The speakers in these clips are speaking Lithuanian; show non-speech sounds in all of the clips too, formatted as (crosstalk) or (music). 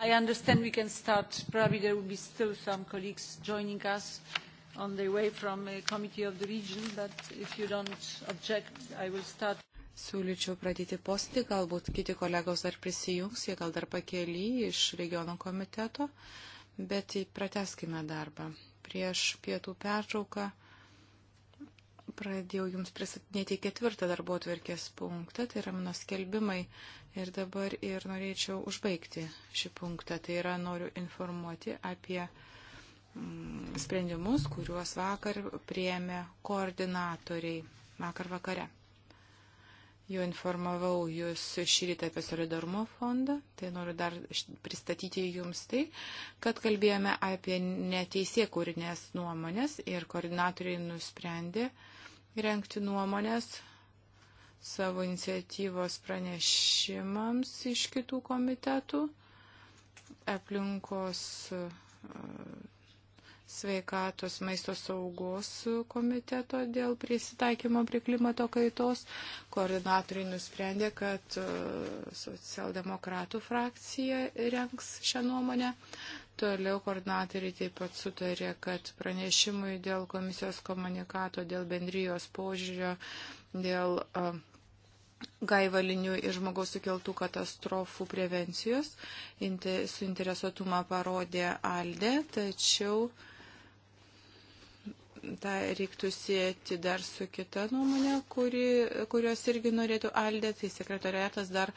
I understand we can start. Probably there will be still some colleagues joining us on their way from a committee of the region, but if you don't object, I will start. Siūlyčiau pradėti posėdį, galbūt kiti kolegos dar prisijungs, jie gal dar pakeli iš regiono komiteto, bet prateskime darbą. Prieš pietų pertrauką pradėjau jums pristatinėti ketvirtą darbo atverkės punktą, tai yra mano skelbimai. Ir dabar ir norėčiau užbaigti šį punktą. Tai yra noriu informuoti apie mm, sprendimus, kuriuos vakar prieėmė koordinatoriai vakar vakare. Jau informavau jūs šį rytą apie solidarumo fondą, tai noriu dar pristatyti jums tai, kad kalbėjome apie neteisėkūrinės nuomonės ir koordinatoriai nusprendė uh, renkti nuomonės savo iniciatyvos pranešimams iš kitų komitetų. Aplinkos sveikatos maisto saugos komiteto dėl prisitaikymo prie klimato kaitos. Koordinatoriai nusprendė, kad e, socialdemokratų frakcija renks šią nuomonę. Toliau koordinatoriai taip pat sutarė, kad pranešimui dėl komisijos komunikato, dėl bendrijos požiūrio, dėl uh, gaivalinių ir žmogaus sukeltų katastrofų prevencijos. Suinteresuotumą parodė Alde, tačiau uh, tą reiktų sėti dar su kita nuomonė, kuri, kurios irgi norėtų Aldė, tai sekretariatas dar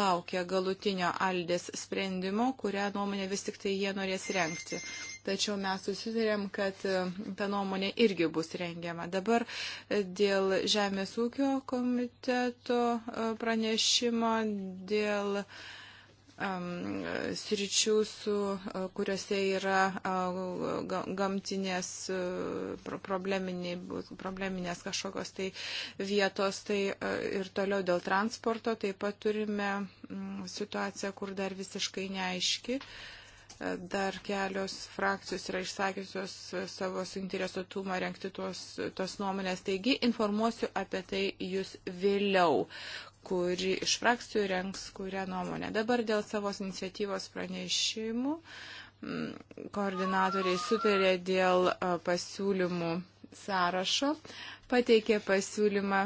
laukia galutinio Aldės sprendimo, kurią nuomonę vis tik tai jie norės renkti. Tačiau mes susitarėm, kad e, ta nuomonė irgi bus rengiama. Dabar e, dėl Žemės ūkio komiteto e, pranešimo, dėl uh, um, sričių, su, kuriuose yra uh, gamtinės uh, probleminės kažkokios tai vietos. Tai uh, ir toliau dėl transporto taip pat turime um, situaciją, kur dar visiškai neaiški. Dar kelios frakcijos yra išsakiusios savo suinteresuotumą renkti tuos, tos nuomonės. Taigi informuosiu apie tai jūs vėliau, kuri iš frakcijų renks kurią nuomonę. Dabar dėl savo iniciatyvos pranešimų mm, koordinatoriai sutarė dėl pasiūlymų sąrašo, pateikė pasiūlymą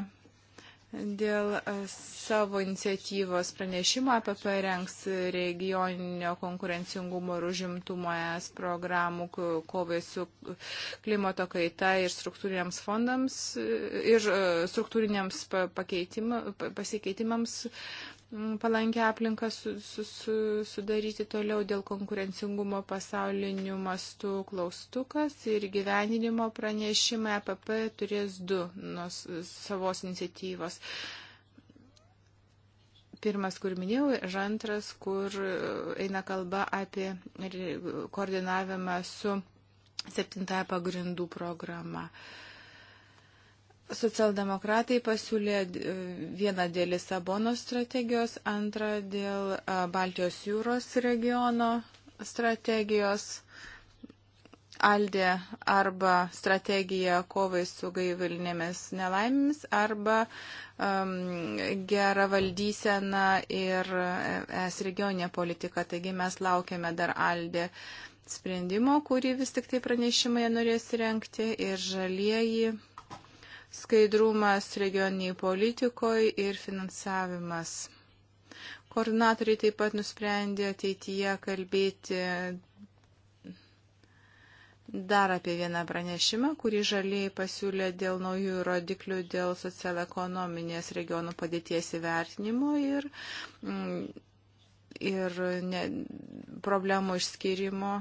Dėl e, savo iniciatyvos pranešimo apie parengs regioninio konkurencingumo ir užimtumo es programų kovai su klimato kaita ir struktūriniams fondams ir e, struktūriniams pasikeitimams palankę aplinką su, su, su, sudaryti toliau dėl konkurencingumo pasauliniu mastu klaustukas ir gyveninimo pranešimą EPP turės du nuo savos iniciatyvos. Pirmas, kur minėjau, ir antras, kur eina kalba apie koordinavimą su septintąją pagrindų programą. Uh, Socialdemokratai pasiūlė e, vieną dėl Lisabonos strategijos, antrą dėl e, Baltijos jūros regiono strategijos. Aldė arba strategija kovai su gaivalinėmis nelaimėmis arba um, gera valdysena ir e, es regioninė politika. Taigi mes laukiame dar Aldė sprendimo, kurį vis tik tai pranešimai norės renkti ir žalieji skaidrumas regioniniai politikoje ir finansavimas. Koordinatoriai taip pat nusprendė ateityje kalbėti dar apie vieną pranešimą, kurį žaliai pasiūlė dėl naujų rodiklių dėl socioekonominės regionų padėties įvertinimo ir, mm, ir ne, problemų išskirimo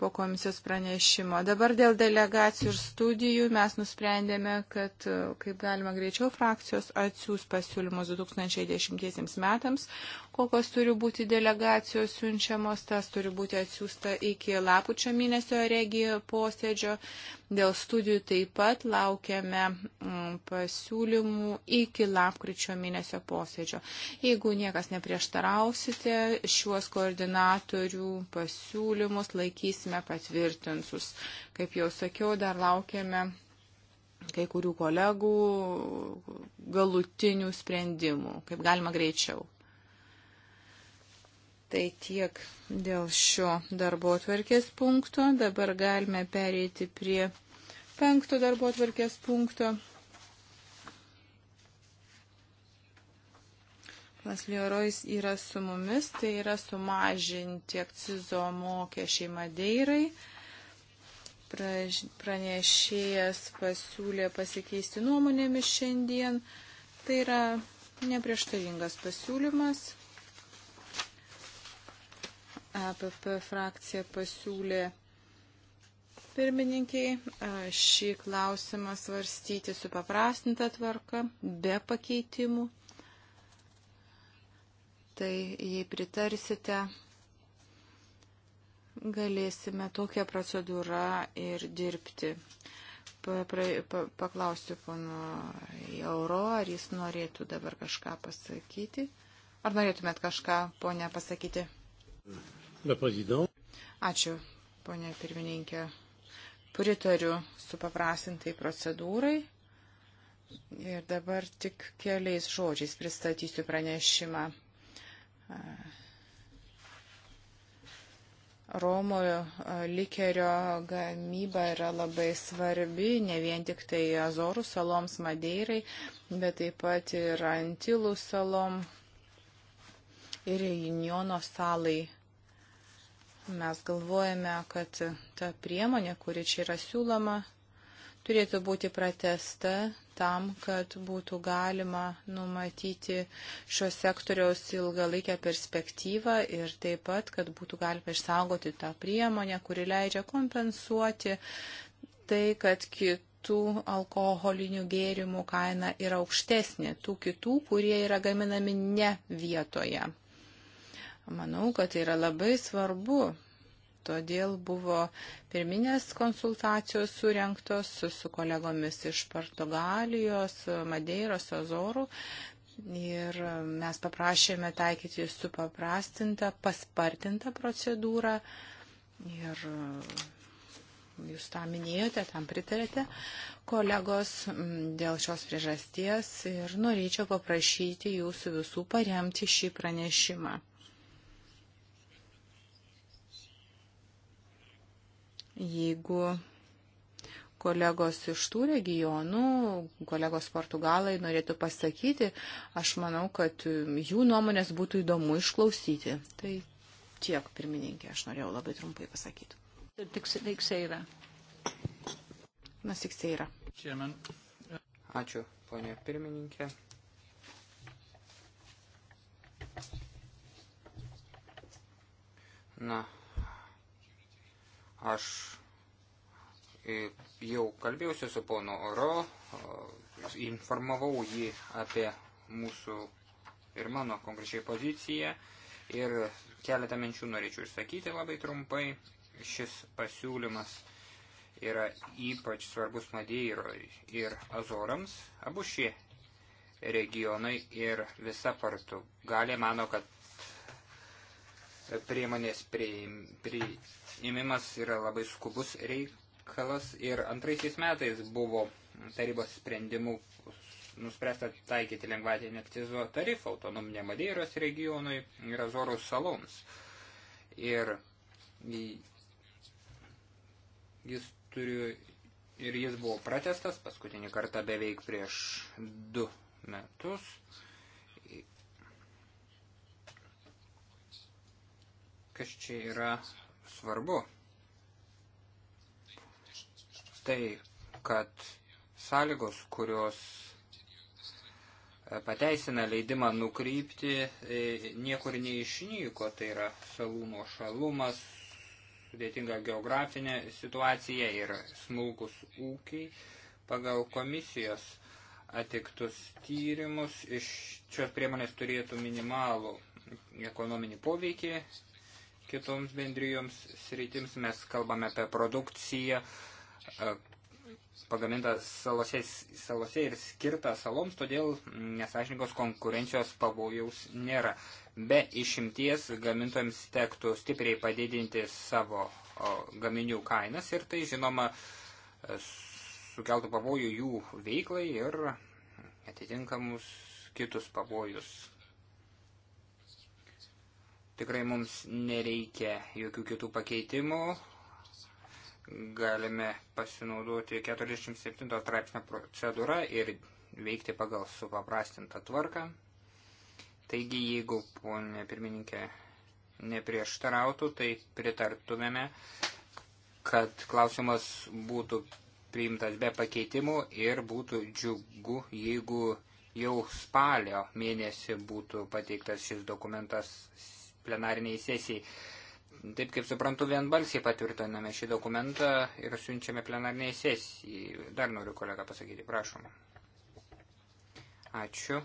po komisijos pranešimo. Dabar dėl delegacijų ir studijų mes nusprendėme, kad e, kaip galima greičiau frakcijos atsiūs pasiūlymus 2010 metams, kokios turi būti delegacijos siunčiamos, tas turi būti atsiųsta iki lapučio mėnesio regijo posėdžio. Dėl studijų taip pat laukiame mm, pasiūlymų iki lapkričio mėnesio posėdžio. Jeigu niekas neprieštarausite, šiuos koordinatorių pasiūlymus laikysime patvirtinsus. Kaip jau sakiau, dar laukiame kai kurių kolegų galutinių sprendimų, kaip galima greičiau. Tai tiek dėl šio darbo atvarkės punkto. Dabar galime pereiti prie penkto darbo atvarkės punkto. Laslioros yra su mumis, tai yra sumažinti akcizo mokesčiai Madeirai pranešėjas pasiūlė pasikeisti nuomonėmis šiandien. Tai yra neprieštaringas pasiūlymas. EPP frakcija pasiūlė pirmininkiai e, šį klausimą svarstyti su paprastinta tvarka, be pakeitimų. Tai jei pritarsite, galėsime tokią procedūrą ir dirbti. Paklausiu pono Jauro, ar jis norėtų dabar kažką pasakyti. Ar norėtumėt kažką, ponė, pasakyti? Mm. Ačiū, ponė pirmininkė. Pritariu supaprastintai procedūrai. Ir dabar tik keliais žodžiais pristatysiu pranešimą. Romo e, likerio gamyba yra labai svarbi, ne vien tik tai Azorų saloms Madeirai, bet taip pat ir Antilų salom ir Juniono salai. Mes galvojame, kad ta priemonė, kuri čia yra siūloma, turėtų būti pratesta tam, kad būtų galima numatyti šio sektoriaus ilgalaikę perspektyvą ir taip pat, kad būtų galima išsaugoti tą priemonę, kuri leidžia kompensuoti tai, kad kitų alkoholinių gėrimų kaina yra aukštesnė, tų kitų, kurie yra gaminami ne vietoje. Manau, kad tai yra labai svarbu. Todėl buvo pirminės konsultacijos surinktos su, su kolegomis iš Portugalijos, Madeiros, Azorų. Ir mes paprašėme taikyti supaprastintą, paspartintą procedūrą. Ir jūs tą minėjote, tam pritarėte, kolegos, dėl šios priežasties ir norėčiau paprašyti jūsų visų paremti šį pranešimą. jeigu kolegos iš tų regionų, kolegos portugalai norėtų pasakyti, aš manau, kad jų nuomonės būtų įdomu išklausyti. Tai tiek, pirmininkė, aš norėjau labai trumpai pasakyti. Nas Ikseira. Ačiū, ponė pirmininkė. Na, Aš e, jau kalbėjausi su ponu Oro, informavau jį apie mūsų ir mano konkrečiai poziciją ir keletą minčių norėčiau išsakyti labai trumpai. Šis pasiūlymas yra ypač svarbus Madeiroj ir Azorams. Abu šie regionai ir visa Portugalė mano, kad priemonės priimimas yra labai skubus reikalas ir antraisiais metais buvo tarybos sprendimų nuspręsta taikyti lengvatinį akcizo tarifą autonominė Madeiros regionui ir Azorų saloms. Ir jis turi ir jis buvo pratestas paskutinį kartą beveik prieš du metus. kas čia yra svarbu. Tai, kad sąlygos, kurios e, pateisina leidimą nukrypti, e, niekur neišnyko. Tai yra salumo šalumas, sudėtinga geografinė situacija ir smulkus ūkiai. Pagal komisijos atiktus tyrimus iš šios priemonės turėtų minimalų ekonominį poveikį kitoms bendrijoms sritims. Mes kalbame apie produkciją e, pagamintą salose, salose ir skirtą saloms, todėl nesažininkos konkurencijos pavojaus nėra. Be išimties gamintojams tektų stipriai padidinti savo gaminių kainas ir tai žinoma e, sukeltų pavojų jų veiklai ir atitinkamus kitus pavojus Tikrai mums nereikia jokių kitų pakeitimų. Galime pasinaudoti 47 straipsnio procedūrą ir veikti pagal supaprastintą tvarką. Taigi, jeigu ponė pirmininkė neprieštarautų, tai pritartumėme, kad klausimas būtų priimtas be pakeitimų ir būtų džiugu, jeigu jau spalio mėnesį būtų pateiktas šis dokumentas plenariniai sesijai. Taip kaip suprantu, vienbalsiai patvirtiname šį dokumentą ir siunčiame plenarniai sesijai. Dar noriu kolegą pasakyti, prašom. Ačiū.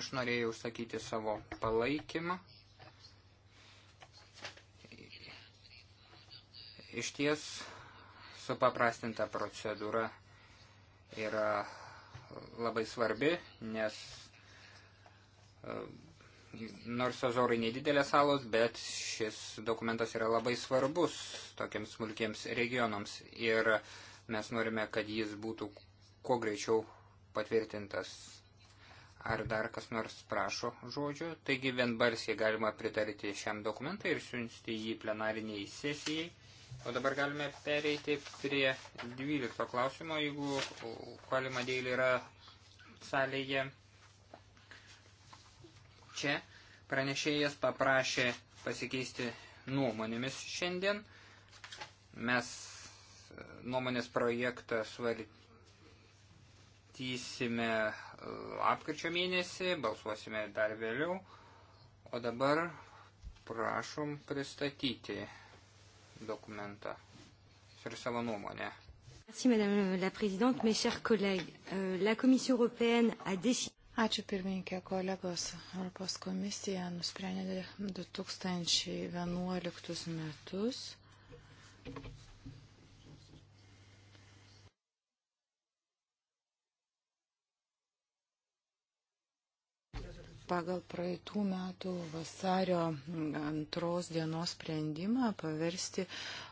Aš norėjau užsakyti savo palaikymą. Iš ties supaprastinta procedūra yra labai svarbi, nes nors Azorai nedidelės salos, bet šis dokumentas yra labai svarbus tokiems smulkiems regionams ir mes norime, kad jis būtų kuo greičiau patvirtintas. Ar dar kas nors prašo žodžio? Taigi vienbarsiai galima pritarti šiam dokumentui ir siunsti jį plenariniai sesijai. O dabar galime pereiti prie 12 klausimo, jeigu Kvalima Dėlė yra salėje. Čia pranešėjas paprašė pasikeisti nuomonėmis šiandien. Mes e, nuomonės projektą svartysime e, lapkričio mėnesį, balsuosime dar vėliau. O dabar prašom pristatyti dokumentą ir savo nuomonę. Merci Madame la Présidente, mes chers collègues. Euh, la Commission européenne a décidé. Ačiū pirmininkė kolegos. Europos komisija nusprendė 2011 metus. Pagal praeitų metų vasario antros dienos sprendimą paversti,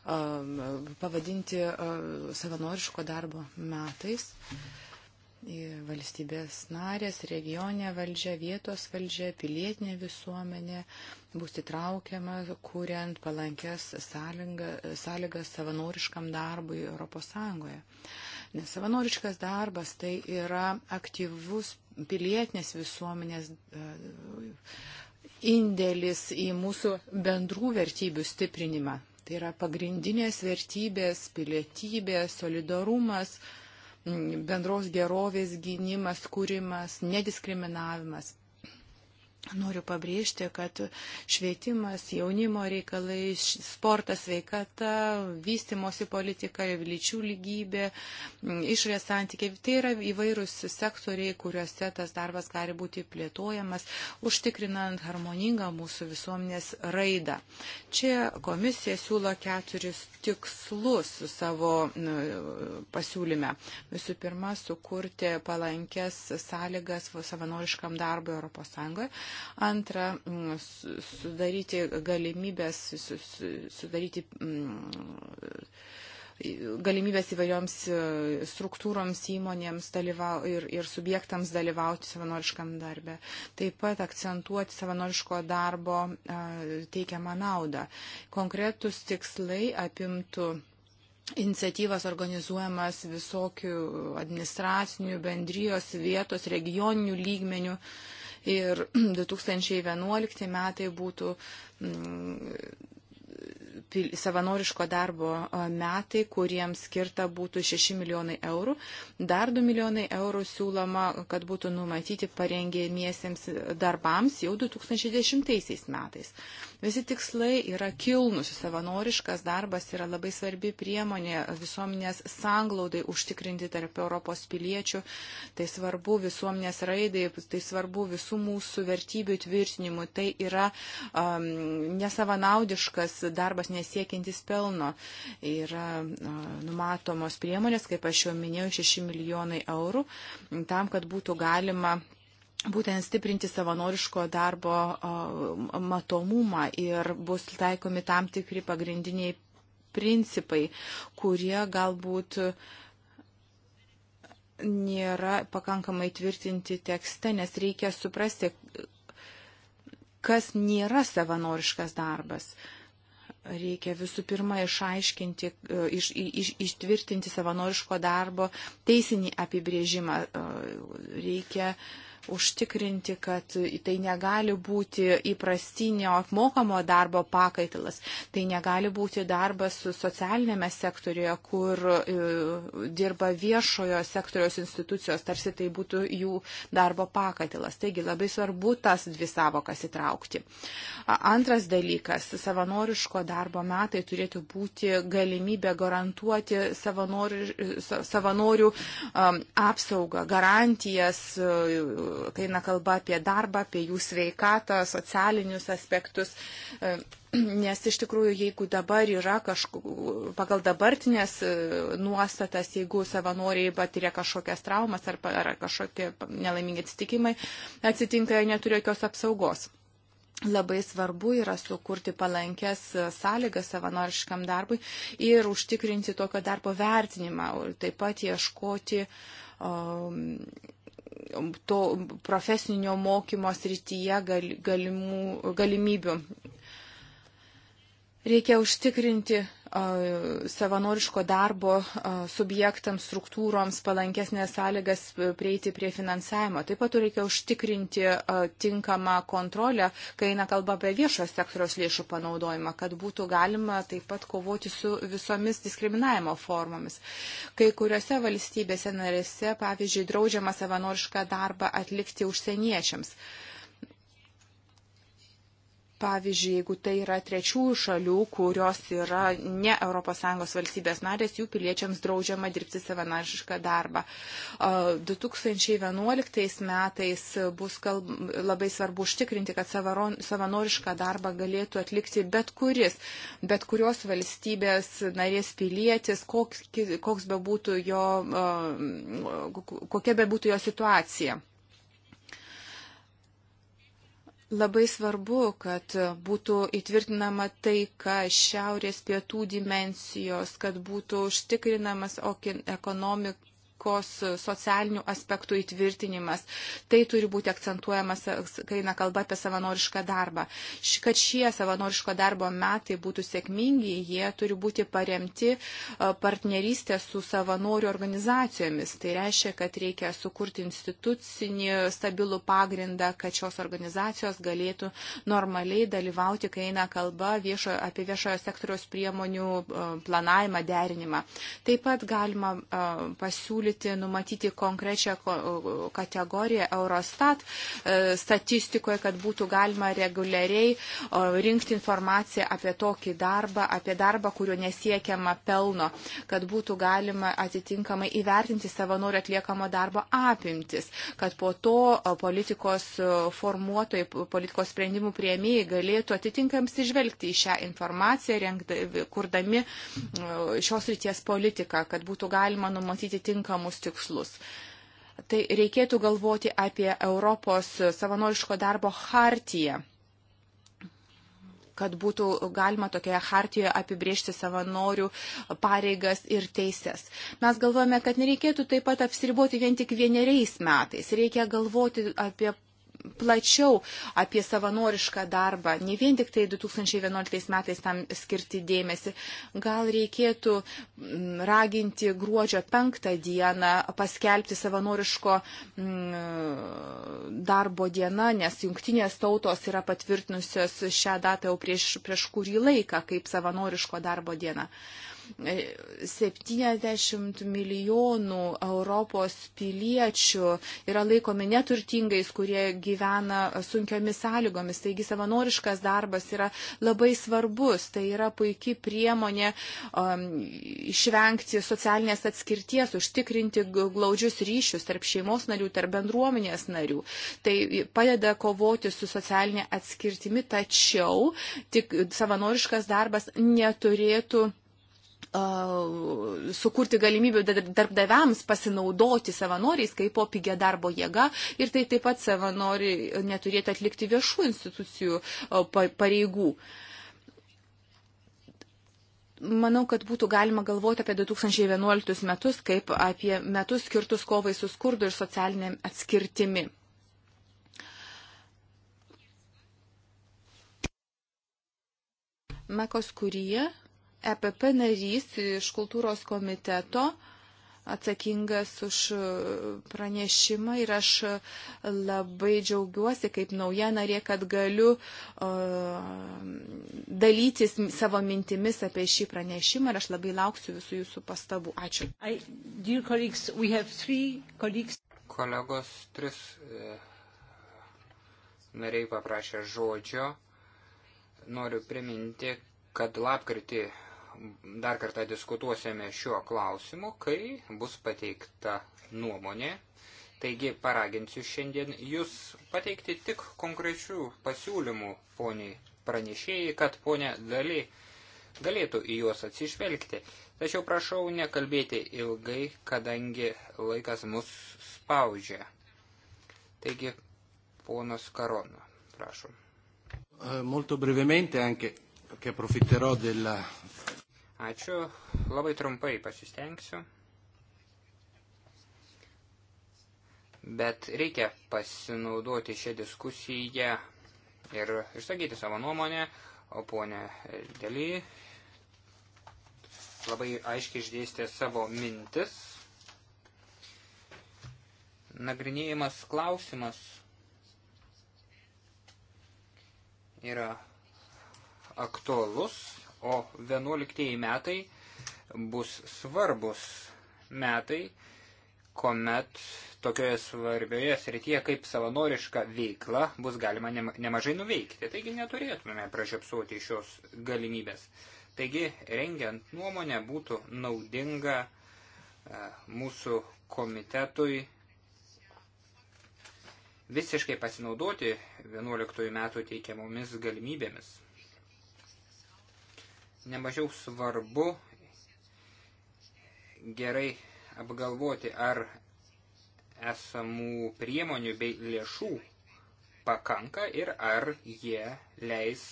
pavadinti savanoriško darbo metais. Mhm valstybės narės, regionė valdžia, vietos valdžia, pilietinė visuomenė bus įtraukiama, kuriant palankės sąlygas savanoriškam darbui ES. Nes savanoriškas darbas tai yra aktyvus pilietinės visuomenės e, indėlis į mūsų bendrų vertybių stiprinimą. Tai yra pagrindinės vertybės, pilietybės, solidarumas, uh, bendros gerovės gynimas, kūrimas, nediskriminavimas. Noriu pabrėžti, kad švietimas, jaunimo reikalai, sportas, veikata, vystimosi politika, lyčių lygybė, išorės santykiai, tai yra įvairūs sektoriai, kuriuose tas darbas gali būti plėtojamas, užtikrinant harmoningą mūsų visuomenės raidą. Čia komisija siūlo keturis tikslus savo pasiūlyme. Visų pirma, sukurti palankes sąlygas savanoriškam darbui ES Antra, mm, sudaryti galimybės, sudaryti mm, galimybės įvairioms e, struktūroms, įmonėms dalyvau, ir, ir subjektams dalyvauti savanoriškam darbe. Taip pat akcentuoti savanoriško darbo e, teikiamą naudą. Konkretus tikslai apimtų iniciatyvas organizuojamas visokių administracinių, bendrijos, vietos, regioninių lygmenių. Uh, ir 2011 (clears throat) metai būtų mm, savanoriško darbo metai, kuriems skirta būtų 6 milijonai eurų. Dar 2 milijonai eurų siūloma, kad būtų numatyti parengėmiesiems darbams jau 2010 metais. Visi tikslai yra kilnus, savanoriškas darbas yra labai svarbi priemonė visuomenės sanglaudai užtikrinti tarp Europos piliečių, tai svarbu visuomenės raidai, tai svarbu visų mūsų vertybių tvirtinimu, tai yra um, nesavanaudiškas darbas nesiekintis pelno. Yra uh, numatomos priemonės, kaip aš jau minėjau, 6 milijonai eurų tam, kad būtų galima būtent stiprinti savanoriško darbo matomumą ir bus taikomi tam tikri pagrindiniai principai, kurie galbūt nėra pakankamai tvirtinti tekste, nes reikia suprasti, kas nėra savanoriškas darbas. Reikia visų pirma išaiškinti, e, iš, iš, ištvirtinti savanoriško darbo teisinį apibrėžimą. E, reikia uh, užtikrinti, kad tai negali būti įprastinio apmokamo darbo pakaitalas, tai negali būti darbas socialinėme sektorijoje, kur e, dirba viešojo sektoriaus institucijos, tarsi tai būtų jų darbo pakaitalas. Taigi labai svarbu tas dvi savokas įtraukti. Antras dalykas - savanoriško darbo metai turėtų būti galimybė garantuoti savanorių, savanorių apsaugą, garantijas kai eina kalba apie darbą, apie jų sveikatą, socialinius aspektus. E, nes iš tikrųjų, jeigu dabar yra kažkokiu, pagal dabartinės e, nuostatas, jeigu savanoriai patiria kažkokias traumas ar, ar kažkokie nelaimingi atsitikimai, atsitinka, jie neturi jokios apsaugos labai svarbu yra sukurti palankes e, sąlygas savanoriškam darbui ir užtikrinti tokio darbo vertinimą, taip pat ieškoti um, to profesinio mokymo srityje galimų, galimybių. Reikia užtikrinti savanoriško darbo subjektams, struktūroms palankesnės sąlygas prieiti prie finansavimo. Taip pat reikia užtikrinti tinkamą kontrolę, kai eina kalba apie viešo sektoriaus lėšų panaudojimą, kad būtų galima taip pat kovoti su visomis diskriminavimo formomis. Kai kuriuose valstybėse narėse, pavyzdžiui, draudžiama savanorišką darbą atlikti užsieniečiams. Uh, Pavyzdžiui, jeigu tai yra trečiųjų šalių, kurios yra ne ES valstybės narės, jų piliečiams draudžiama dirbti savanarišką darbą. 2011 metais bus kalb... labai svarbu užtikrinti, kad savanorišką darbą galėtų atlikti bet kuris, bet kurios valstybės narės pilietis, koks, koks be būtų jo, kokia be būtų jo situacija. Labai svarbu, kad būtų įtvirtinama taika šiaurės pietų dimensijos, kad būtų užtikrinamas ekonomik, ekonomikos socialinių aspektų įtvirtinimas. Tai turi būti akcentuojamas, kai eina kalba apie savanorišką darbą. Kad šie savanoriško darbo metai būtų sėkmingi, jie turi būti paremti partnerystė su savanorių organizacijomis. Tai reiškia, kad reikia sukurti institucinį stabilų pagrindą, kad šios organizacijos galėtų normaliai dalyvauti, kai eina kalba viešo, apie viešojo sektoriaus priemonių planavimą, derinimą. Taip pat galima pasiūlyti siūlyti numatyti konkrečią kategoriją Eurostat e, statistikoje, kad būtų galima reguliariai rinkti informaciją apie tokį darbą, apie darbą, kuriuo nesiekiama pelno, kad būtų galima atitinkamai įvertinti savanorių atliekamo darbo apimtis, kad po to politikos formuotojai, politikos sprendimų prieimėjai galėtų atitinkams išvelgti į šią informaciją, rengdami, kurdami šios ryties politiką, kad būtų galima numatyti tinkamą tinkamus tikslus. Tai reikėtų galvoti apie Europos savanoriško darbo hartiją kad būtų galima tokioje hartijoje apibriežti savanorių pareigas ir teises. Mes galvojame, kad nereikėtų taip pat apsiriboti vien tik vieneriais metais. Reikia galvoti apie plačiau apie savanorišką darbą, ne vien tik tai 2011 metais tam skirti dėmesį. Gal reikėtų mm, raginti gruodžio penktą dieną paskelbti savanoriško mm, darbo dieną, nes jungtinės tautos yra patvirtinusios šią datą jau prieš, prieš kurį laiką kaip savanoriško darbo dieną. Uh, 70 milijonų Europos piliečių yra laikomi neturtingais, kurie gyvena sunkiomis sąlygomis. Taigi savanoriškas darbas yra labai svarbus. Tai yra puikiai priemonė um, išvengti socialinės atskirties, užtikrinti glaudžius ryšius tarp šeimos narių, tarp bendruomenės narių. Tai padeda kovoti su socialinė atskirtimi, tačiau tik savanoriškas darbas neturėtų sukurti galimybių darbdaviams pasinaudoti savanoriais kaip po pigia darbo jėga ir tai taip pat savanoriai neturėtų atlikti viešų institucijų pareigų. Manau, kad būtų galima galvoti apie 2011 metus kaip apie metus skirtus kovai su skurdu ir socialinėm atskirtimi. Mekos kurija EPP narys iš kultūros komiteto atsakingas už e, pranešimą ir aš e, labai džiaugiuosi kaip nauja narė, kad galiu uh, dalytis savo mintimis apie šį pranešimą ir aš labai lauksiu visų jūsų pastabų. Ačiū. I, colleagues, Kolegos, tris e, nariai paprašė žodžio. Noriu priminti, kad lapkritį dar kartą diskutuosime šiuo klausimu, kai bus pateikta nuomonė. Taigi paraginsiu šiandien jūs pateikti tik konkrečių pasiūlymų poniai pranešėjai, kad ponė Dali galėtų į juos atsižvelgti. Tačiau prašau nekalbėti ilgai, kadangi laikas mus spaudžia. Taigi, ponas Karona, prašom. Eh, molto brevemente anche perché approfitterò della Ačiū. Labai trumpai pasistengsiu. Bet reikia pasinaudoti šią diskusiją ir išsakyti savo nuomonę, o ponė Dely labai aiškiai išdėstė savo mintis. Nagrinėjimas klausimas yra aktualus o 11 metai bus svarbus metai, kuomet tokioje svarbioje srityje kaip savanoriška veikla bus galima nemažai nuveikti. Taigi neturėtume pražiopsuoti šios galimybės. Taigi, rengiant nuomonę, būtų naudinga e, mūsų komitetui visiškai pasinaudoti 11 metų teikiamomis galimybėmis nemažiau svarbu gerai apgalvoti, ar esamų priemonių bei lėšų pakanka ir ar jie leis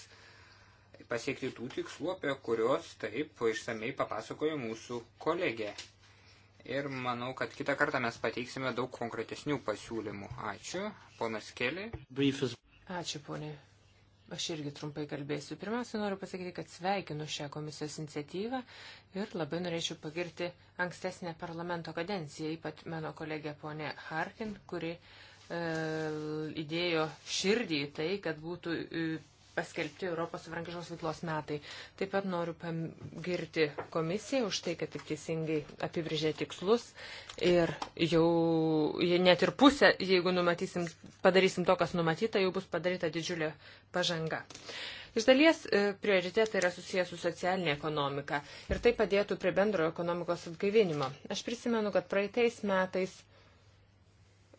pasiekti tų tikslų, apie kuriuos taip išsamei papasakojo mūsų kolegė. Ir manau, kad kitą kartą mes pateiksime daug konkretesnių pasiūlymų. Ačiū, ponas Keli. Briefus. Ačiū, ponė Aš irgi trumpai kalbėsiu. Pirmiausia, noriu pasakyti, kad sveikinu šią komisijos iniciatyvą ir labai norėčiau pagirti ankstesnę parlamento kadenciją, ypač mano kolegė ponė Harkin, kuri e, įdėjo širdį į tai, kad būtų e, paskelbti Europos savarankiškos veiklos metai. Taip pat noriu pagirti komisiją už tai, kad taip teisingai apibrėžė tikslus ir jau net ir pusę, jeigu numatysim, padarysim to, kas numatyta, jau bus padaryta didžiulė pažanga. Iš dalies e, prioritetai yra susijęs su socialinė ekonomika ir tai padėtų prie bendrojo ekonomikos atgaivinimo. Aš prisimenu, kad praeitais metais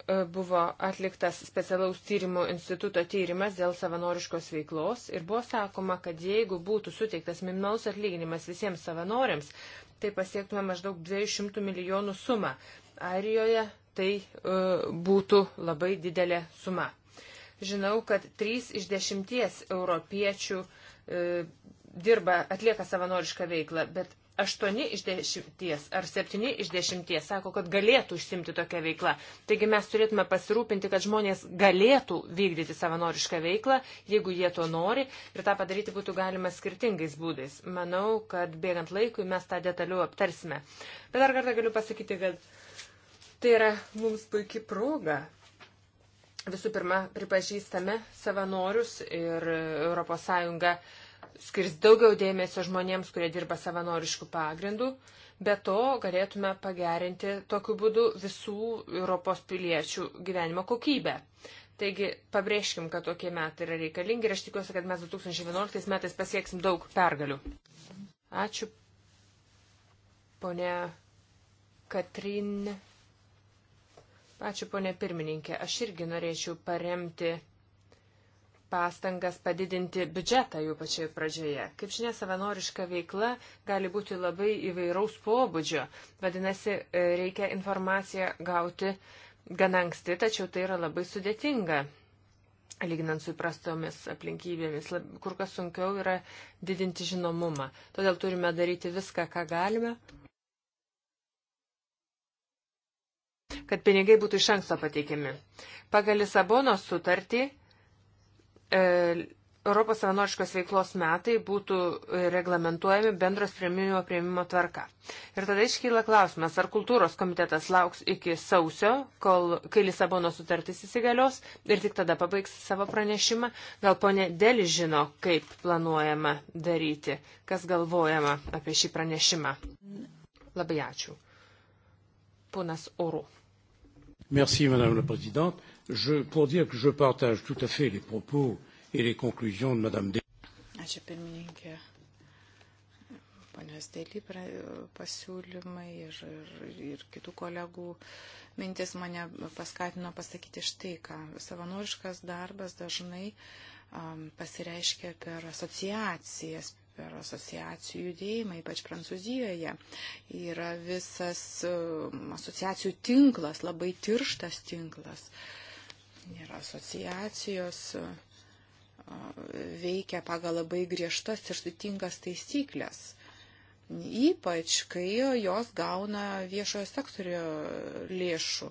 E, buvo atliktas specialaus tyrimo instituto tyrimas dėl savanoriškos veiklos ir buvo sakoma, kad jeigu būtų suteiktas minimalus atlyginimas visiems savanoriams, tai pasiektume maždaug 200 milijonų sumą. Airijoje tai e, būtų labai didelė suma. Žinau, kad 3 iš 10 europiečių e, dirba, atlieka savanorišką veiklą, bet 8 iš 10 ar 7 iš 10 sako, kad galėtų užsimti tokią veiklą. Taigi mes turėtume pasirūpinti, kad žmonės galėtų vykdyti savanorišką veiklą, jeigu jie to nori, ir tą padaryti būtų galima skirtingais būdais. Manau, kad bėgant laikui mes tą detaliau aptarsime. Bet dar kartą galiu pasakyti, kad tai yra mums puikia proga. Visų pirma, pripažįstame savanorius ir ES skirs daugiau dėmesio žmonėms, kurie dirba savanoriškų pagrindų. Be to galėtume pagerinti tokiu būdu visų Europos piliečių gyvenimo kokybę. Taigi pabrėžkim, kad tokie metai yra reikalingi ir aš tikiuosi, kad mes 2011 metais pasieksim daug pergalių. Ačiū, ponė Katrin. Ačiū, ponė pirmininkė. Aš irgi norėčiau paremti pastangas padidinti biudžetą jau pačioje pradžioje. Kaip žinia, savanoriška veikla gali būti labai įvairaus pobūdžio. Vadinasi, e, reikia informaciją gauti gan anksti, tačiau tai yra labai sudėtinga. Lyginant su įprastomis aplinkybėmis, kur kas sunkiau yra didinti žinomumą. Todėl turime daryti viską, ką galime, kad pinigai būtų iš anksto pateikiami. Pagal Lisabonos sutartį E, Europos savanoriškos veiklos metai būtų reglamentuojami bendros prieimimo prieimimo tvarka. Ir tada iškyla klausimas, ar kultūros komitetas lauks iki sausio, kol, kai Lisabono sutartis įsigalios ir tik tada pabaigs savo pranešimą. Gal ponė Deli žino, kaip planuojama daryti, kas galvojama apie šį pranešimą. Labai ačiū. Ponas Oru. Merci, Madame la Présidente je, pour dire que je partage tout à fait les propos et les conclusions de Mme Dely. Ačiū pirmininkė. Ponios Dely pasiūlymai ir, ir, ir kitų kolegų mintis mane paskatino pasakyti štai ką. Savanoriškas darbas dažnai um, pasireiškia per asociacijas, per asociacijų judėjimą, ypač Prancūzijoje. Yra visas asociacijų tinklas, labai tirštas tinklas. Uh, Nėra asociacijos veikia pagal labai griežtas ir sutingas taisyklės. Ypač, kai jos gauna viešojo sektorio lėšų.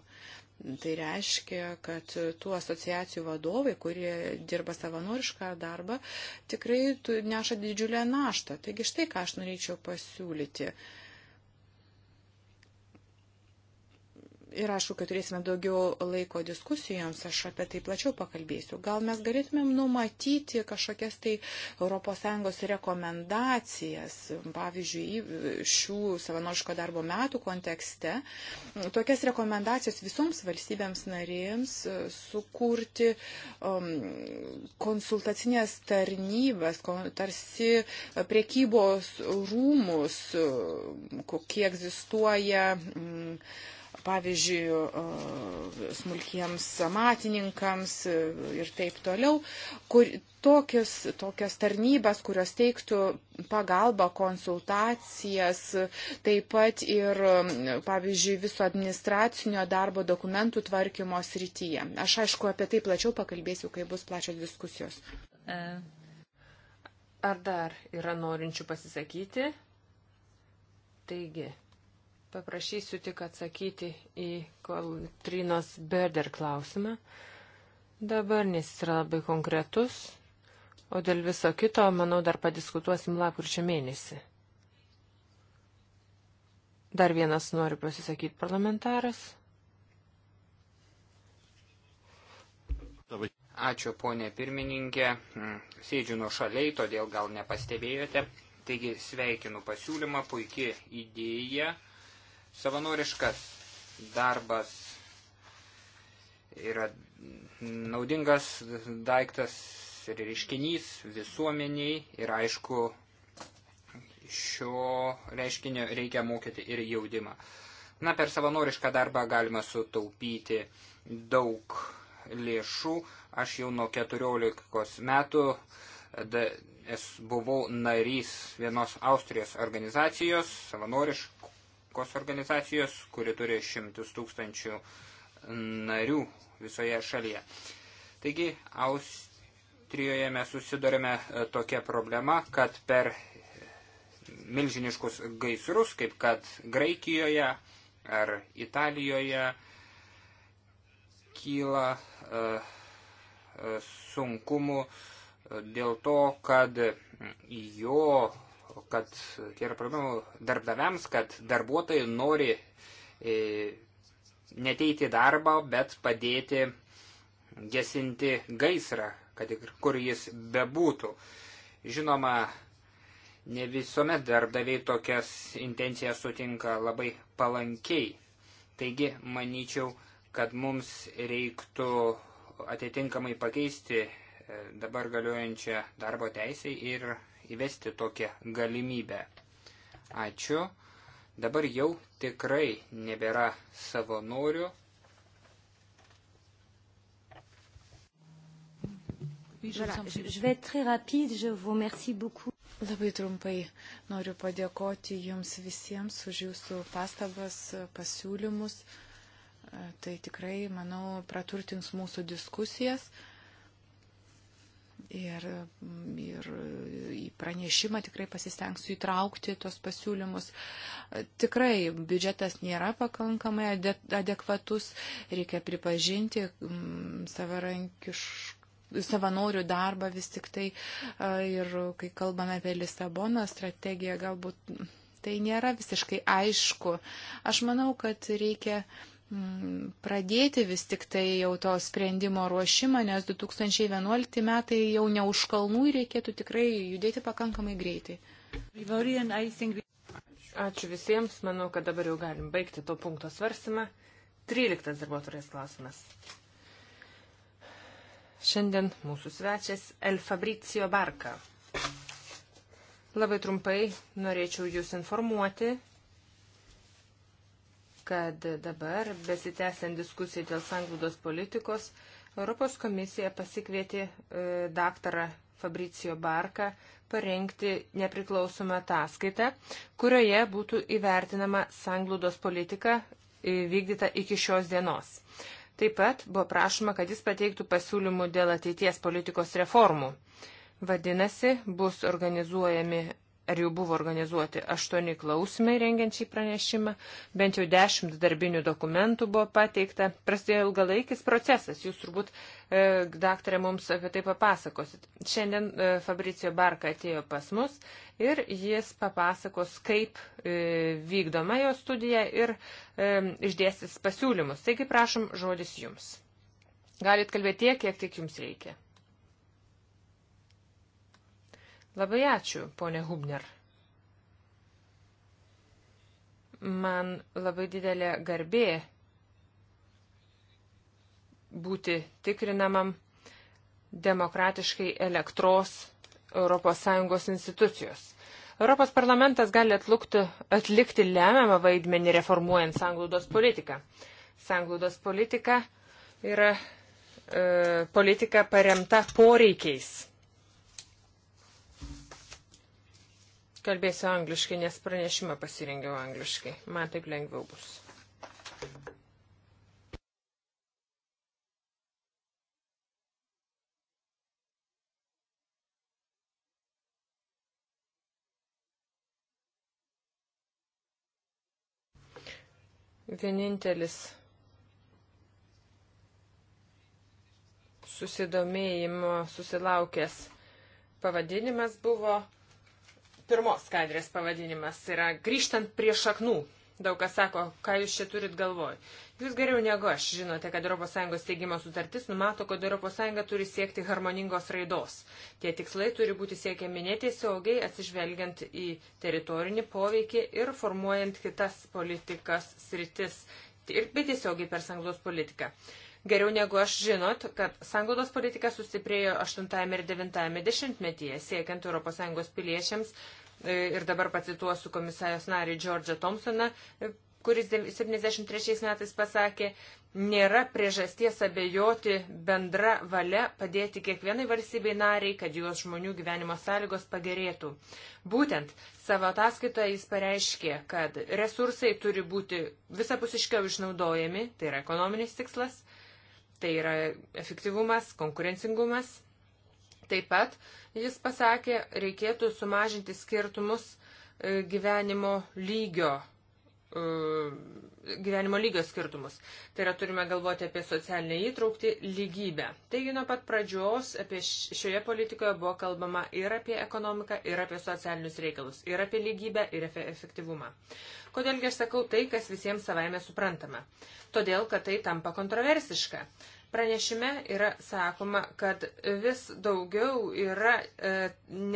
Tai reiškia, kad tų asociacijų vadovai, kurie dirba savanorišką darbą, tikrai neša didžiulę naštą. Taigi štai ką aš norėčiau pasiūlyti. Uh, Ir aišku, kad turėsime daugiau laiko diskusijoms, aš apie tai plačiau pakalbėsiu. Gal mes galėtumėm numatyti kažkokias tai ES rekomendacijas, pavyzdžiui, šių savanoriško darbo metų kontekste, tokias rekomendacijas visoms valstybėms narėms e, sukurti um, konsultacinės tarnybas, tarsi e, priekybos rūmus, e, kokie egzistuoja. Um, pavyzdžiui, e, smulkiems amatininkams ir taip toliau, kur, tokius, tokios tarnybas, kurios teiktų pagalbą, konsultacijas, taip pat ir, pavyzdžiui, viso administracinio darbo dokumentų tvarkymo srityje. Aš aišku, apie tai plačiau pakalbėsiu, kai bus plačios diskusijos. E. Ar dar yra norinčių pasisakyti? Taigi, Paprašysiu tik atsakyti į Trinos Berder klausimą. Dabar, nes jis yra labai konkretus, o dėl viso kito, manau, dar padiskutuosim lapkričio mėnesį. Dar vienas nori pasisakyti parlamentaras. Ačiū, ponė pirmininkė. Sėdžiu nuo šaliai, todėl gal nepastebėjote. Taigi sveikinu pasiūlymą, puikiai idėja. Savanoriškas darbas yra naudingas daiktas ir reiškinys visuomeniai ir aišku šio reiškinio reikia mokyti ir jaudimą. Na, per savanorišką darbą galima sutaupyti daug lėšų. Aš jau nuo 14 metų buvau narys vienos Austrijos organizacijos, savanoriškų prekybos organizacijos, kuri turi šimtus tūkstančių narių visoje šalyje. Taigi, Austrijoje mes susidurime e, tokia problema, kad per milžiniškus gaisrus, kaip kad Graikijoje ar Italijoje, kyla e, e, sunkumų dėl to, kad jo kad tai yra problemų darbdaviams, kad darbuotojai nori e, neteiti darbą, bet padėti gesinti gaisrą, kad ir kur jis bebūtų. Žinoma, ne visuomet darbdaviai tokias intencijas sutinka labai palankiai. Taigi, manyčiau, kad mums reiktų atitinkamai pakeisti e, dabar galiojančią darbo teisę ir įvesti tokią galimybę. Ačiū. Dabar jau tikrai nebėra savanorių. Labai trumpai noriu padėkoti Jums visiems už Jūsų pastabas, pasiūlymus. E, tai tikrai, manau, praturtins mūsų diskusijas ir, ir į pranešimą tikrai pasistengsiu įtraukti tos pasiūlymus. Tikrai biudžetas nėra pakankamai adekvatus, reikia pripažinti savarankiškai savanorių darbą vis tik tai ir kai kalbame apie Lisabono strategiją, galbūt tai nėra visiškai aišku. Aš manau, kad reikia uh, pradėti vis tik tai jau to sprendimo ruošimą, nes 2011 metai jau ne už kalnų ir reikėtų tikrai judėti pakankamai greitai. Ačiū visiems, manau, kad dabar jau galim baigti to punkto svarstymą. 13 darbuotojas klausimas. Šiandien mūsų svečias El Fabricio Barka. Labai trumpai norėčiau Jūs informuoti, kad dabar, besitęsiant diskusijai dėl sanglaudos politikos, Europos komisija pasikvietė e, daktarą Fabricio Barką parengti nepriklausomą ataskaitą, kurioje būtų įvertinama sanglaudos politika e, vykdyta iki šios dienos. Taip pat buvo prašoma, kad jis pateiktų pasiūlymų dėl ateities politikos reformų. Vadinasi, bus organizuojami ar jau buvo organizuoti aštuoni klausimai rengiant šį pranešimą, bent jau dešimt darbinių dokumentų buvo pateikta, prasidėjo ilgalaikis procesas, jūs turbūt, e, daktarė, mums apie tai papasakosit. Šiandien e, Fabricio Barka atėjo pas mus ir jis papasakos, kaip e, vykdoma jo studija ir e, išdėstis pasiūlymus. Taigi prašom žodis jums. Galit kalbėti tiek, kiek tik jums reikia. Labai ačiū, ponė Hubner. Man labai didelė garbė būti tikrinamam demokratiškai elektros ES institucijos. Europos parlamentas gali atlukti, atlikti lemiamą vaidmenį reformuojant sanglaudos politiką. Sanglaudos politika yra e, politika paremta poreikiais Kalbėsiu angliškai, nes pranešimą pasirengiau angliškai. Man taip lengviau bus. Vienintelis susidomėjimo susilaukęs pavadinimas buvo Pirmos skaidrės pavadinimas yra Grįžtant prie šaknų. Daug kas sako, ką jūs čia turit galvoj. Jūs geriau negu aš žinote, kad ES steigimo sutartis numato, kad ES turi siekti harmoningos raidos. Tie tikslai turi būti siekiami netiesiogiai, atsižvelgiant į teritorinį poveikį ir formuojant kitas politikas sritis, ir, bet tiesiogiai per sanglos politiką. Uh, geriau negu aš žinot, kad sanglaudos politika sustiprėjo 8 ir 9 dešimtmetyje, siekiant ES piliečiams e, ir dabar pacituosiu komisijos narį Džordžą Thompsoną, e, kuris 73 metais pasakė, nėra priežasties abejoti bendra valia padėti kiekvienai valstybei nariai, kad jos žmonių gyvenimo sąlygos pagerėtų. Būtent savo ataskaitoje jis pareiškė, kad resursai turi būti visapusiškiau išnaudojami, tai yra ekonominis tikslas, Tai yra efektyvumas, konkurencingumas. Taip pat jis pasakė, reikėtų sumažinti skirtumus e, gyvenimo lygio E, gyvenimo lygio skirtumus. Tai yra turime galvoti apie socialinę įtraukti lygybę. Taigi nuo pat pradžios apie šioje politikoje buvo kalbama ir apie ekonomiką, ir apie socialinius reikalus, ir apie lygybę, ir apie efektyvumą. Kodėlgi aš sakau tai, kas visiems savaime suprantama? Todėl, kad tai tampa kontroversiška. Pranešime yra sakoma, kad vis daugiau yra e,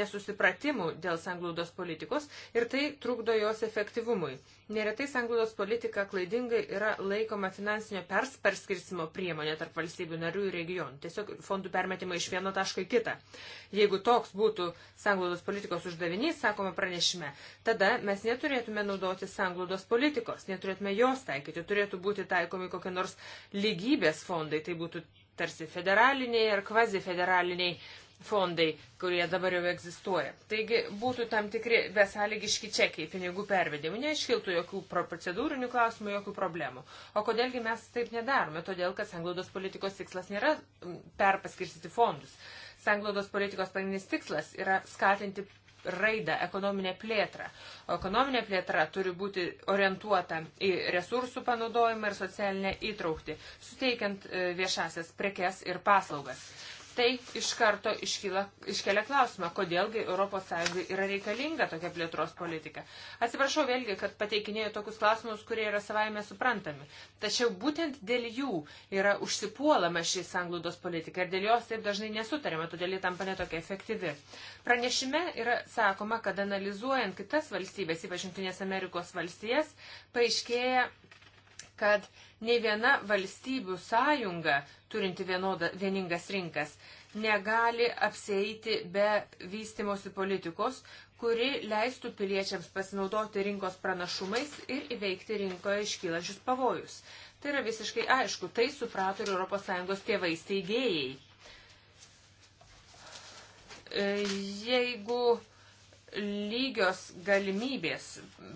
nesusipratimų dėl sanglaudos politikos ir tai trukdo jos efektyvumui. Neretai sanglaudos politika klaidingai yra laikoma finansinio persparskirstimo priemonė tarp valstybių narių ir regionų. Tiesiog fondų permetimai iš vieno taško į kitą. Jeigu toks būtų sanglaudos politikos uždavinys, sakoma pranešime, tada mes neturėtume naudoti sanglaudos politikos, neturėtume jos taikyti, turėtų būti taikomi kokie nors lygybės fondai, tai būtų tarsi federaliniai ar kvazifederaliniai fondai, kurie dabar jau egzistuoja. Taigi būtų tam tikri besąlygiški čekiai pinigų pervedimų, neiškiltų jokių procedūrinių klausimų, jokių problemų. O kodėlgi mes taip nedarome? Todėl, kad sanglaudos politikos tikslas nėra perpaskirstyti fondus. Sanglaudos politikos pagrindinis tikslas yra skatinti raidą, ekonominę plėtrą. O ekonominė plėtra turi būti orientuota į resursų panaudojimą ir socialinę įtraukti, suteikiant e, viešasias prekes ir paslaugas tai iš karto iškyla, iškelia klausimą, kodėlgi ES yra reikalinga tokia plėtros politika. Atsiprašau vėlgi, kad pateikinėjau tokius klausimus, kurie yra savaime suprantami. Tačiau būtent dėl jų yra užsipuolama šį sanglūdos politiką ir dėl jos taip dažnai nesutarima, todėl ji tampa netokia efektyvi. Pranešime yra sakoma, kad analizuojant kitas valstybės, ypač Junktinės Amerikos valstijas, paaiškėja kad nei viena valstybių sąjunga, turinti vienoda, vieningas rinkas, negali apsieiti be vystimosi politikos, kuri leistų piliečiams pasinaudoti rinkos pranašumais ir įveikti rinkoje iškylančius pavojus. Tai yra visiškai aišku, tai suprato ir ES tėvai steigėjai. E, jeigu lygios galimybės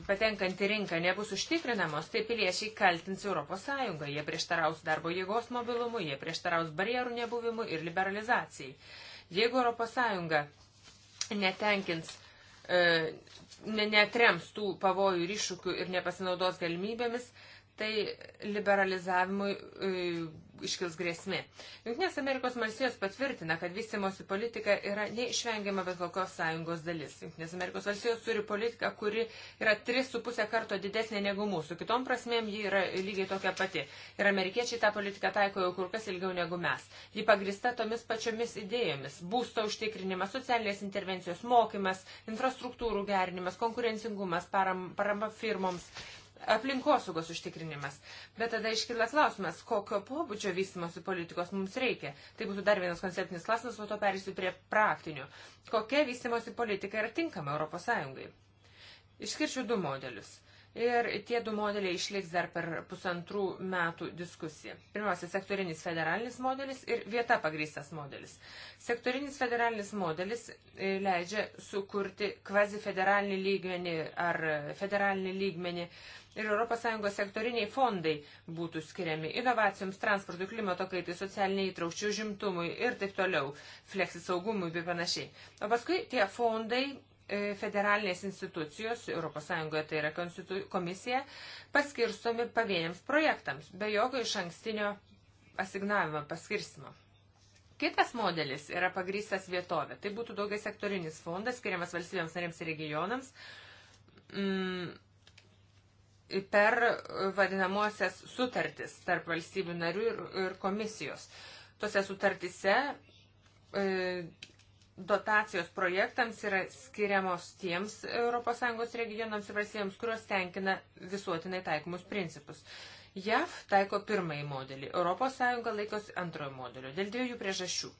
patenkant į rinką nebus užtikrinamos, tai piliečiai kaltins ES. Jie prieštaraus darbo jėgos mobilumui, jie prieštaraus barjerų nebuvimui ir liberalizacijai. Jeigu ES netenkins, e, netrems tų pavojų ir iššūkių ir nepasinaudos galimybėmis, tai liberalizavimui e, iškils grėsmė. Junktinės Amerikos valstijos patvirtina, kad vystimosi politika yra neišvengiama bet kokios sąjungos dalis. Junktinės Amerikos valstijos turi politiką, kuri yra 3,5 karto didesnė negu mūsų. Kitom prasmėm ji yra lygiai tokia pati. Ir amerikiečiai tą politiką taiko jau kur kas ilgiau negu mes. Ji pagrista tomis pačiomis idėjomis - būsto užtikrinimas, socialinės intervencijos mokymas, infrastruktūrų gerinimas, konkurencingumas, parama param firmoms aplinkosaugos užtikrinimas. Bet tada iškyla klausimas, kokio pobūdžio vystimosi politikos mums reikia. Tai būtų dar vienas konceptinis klausimas, o to perėsiu prie praktinių. Kokia vystimosi politika yra tinkama ES? Išskirčiau du modelius. Ir tie du modeliai išliks dar per pusantrų metų diskusiją. Pirmiausia, sektorinis federalinis modelis ir vieta pagrystas modelis. Sektorinis federalinis modelis e, leidžia sukurti kvazi federalinį lygmenį ar federalinį lygmenį ir ES sektoriniai fondai būtų skiriami inovacijoms, transportui, klimato kaitai, socialiniai įtraukčių žimtumui ir taip toliau, fleksi saugumui bei panašiai. O paskui tie fondai E, federalinės institucijos, ES tai yra komisija, paskirstomi pavieniams projektams, be jokio iš ankstinio asignavimo paskirstimo. Kitas modelis yra pagrystas vietovė. Tai būtų daugia sektorinis fondas, skiriamas valstybėms narėms ir regionams mm, per vadinamosias sutartis tarp valstybių narių ir, ir komisijos. Tose sutartise e, dotacijos projektams yra skiriamos tiems ES regionams ir valstybėms, kurios tenkina visuotinai taikomus principus. JAV taiko pirmąjį modelį, ES laikosi antrojo modelio dėl dviejų priežasčių.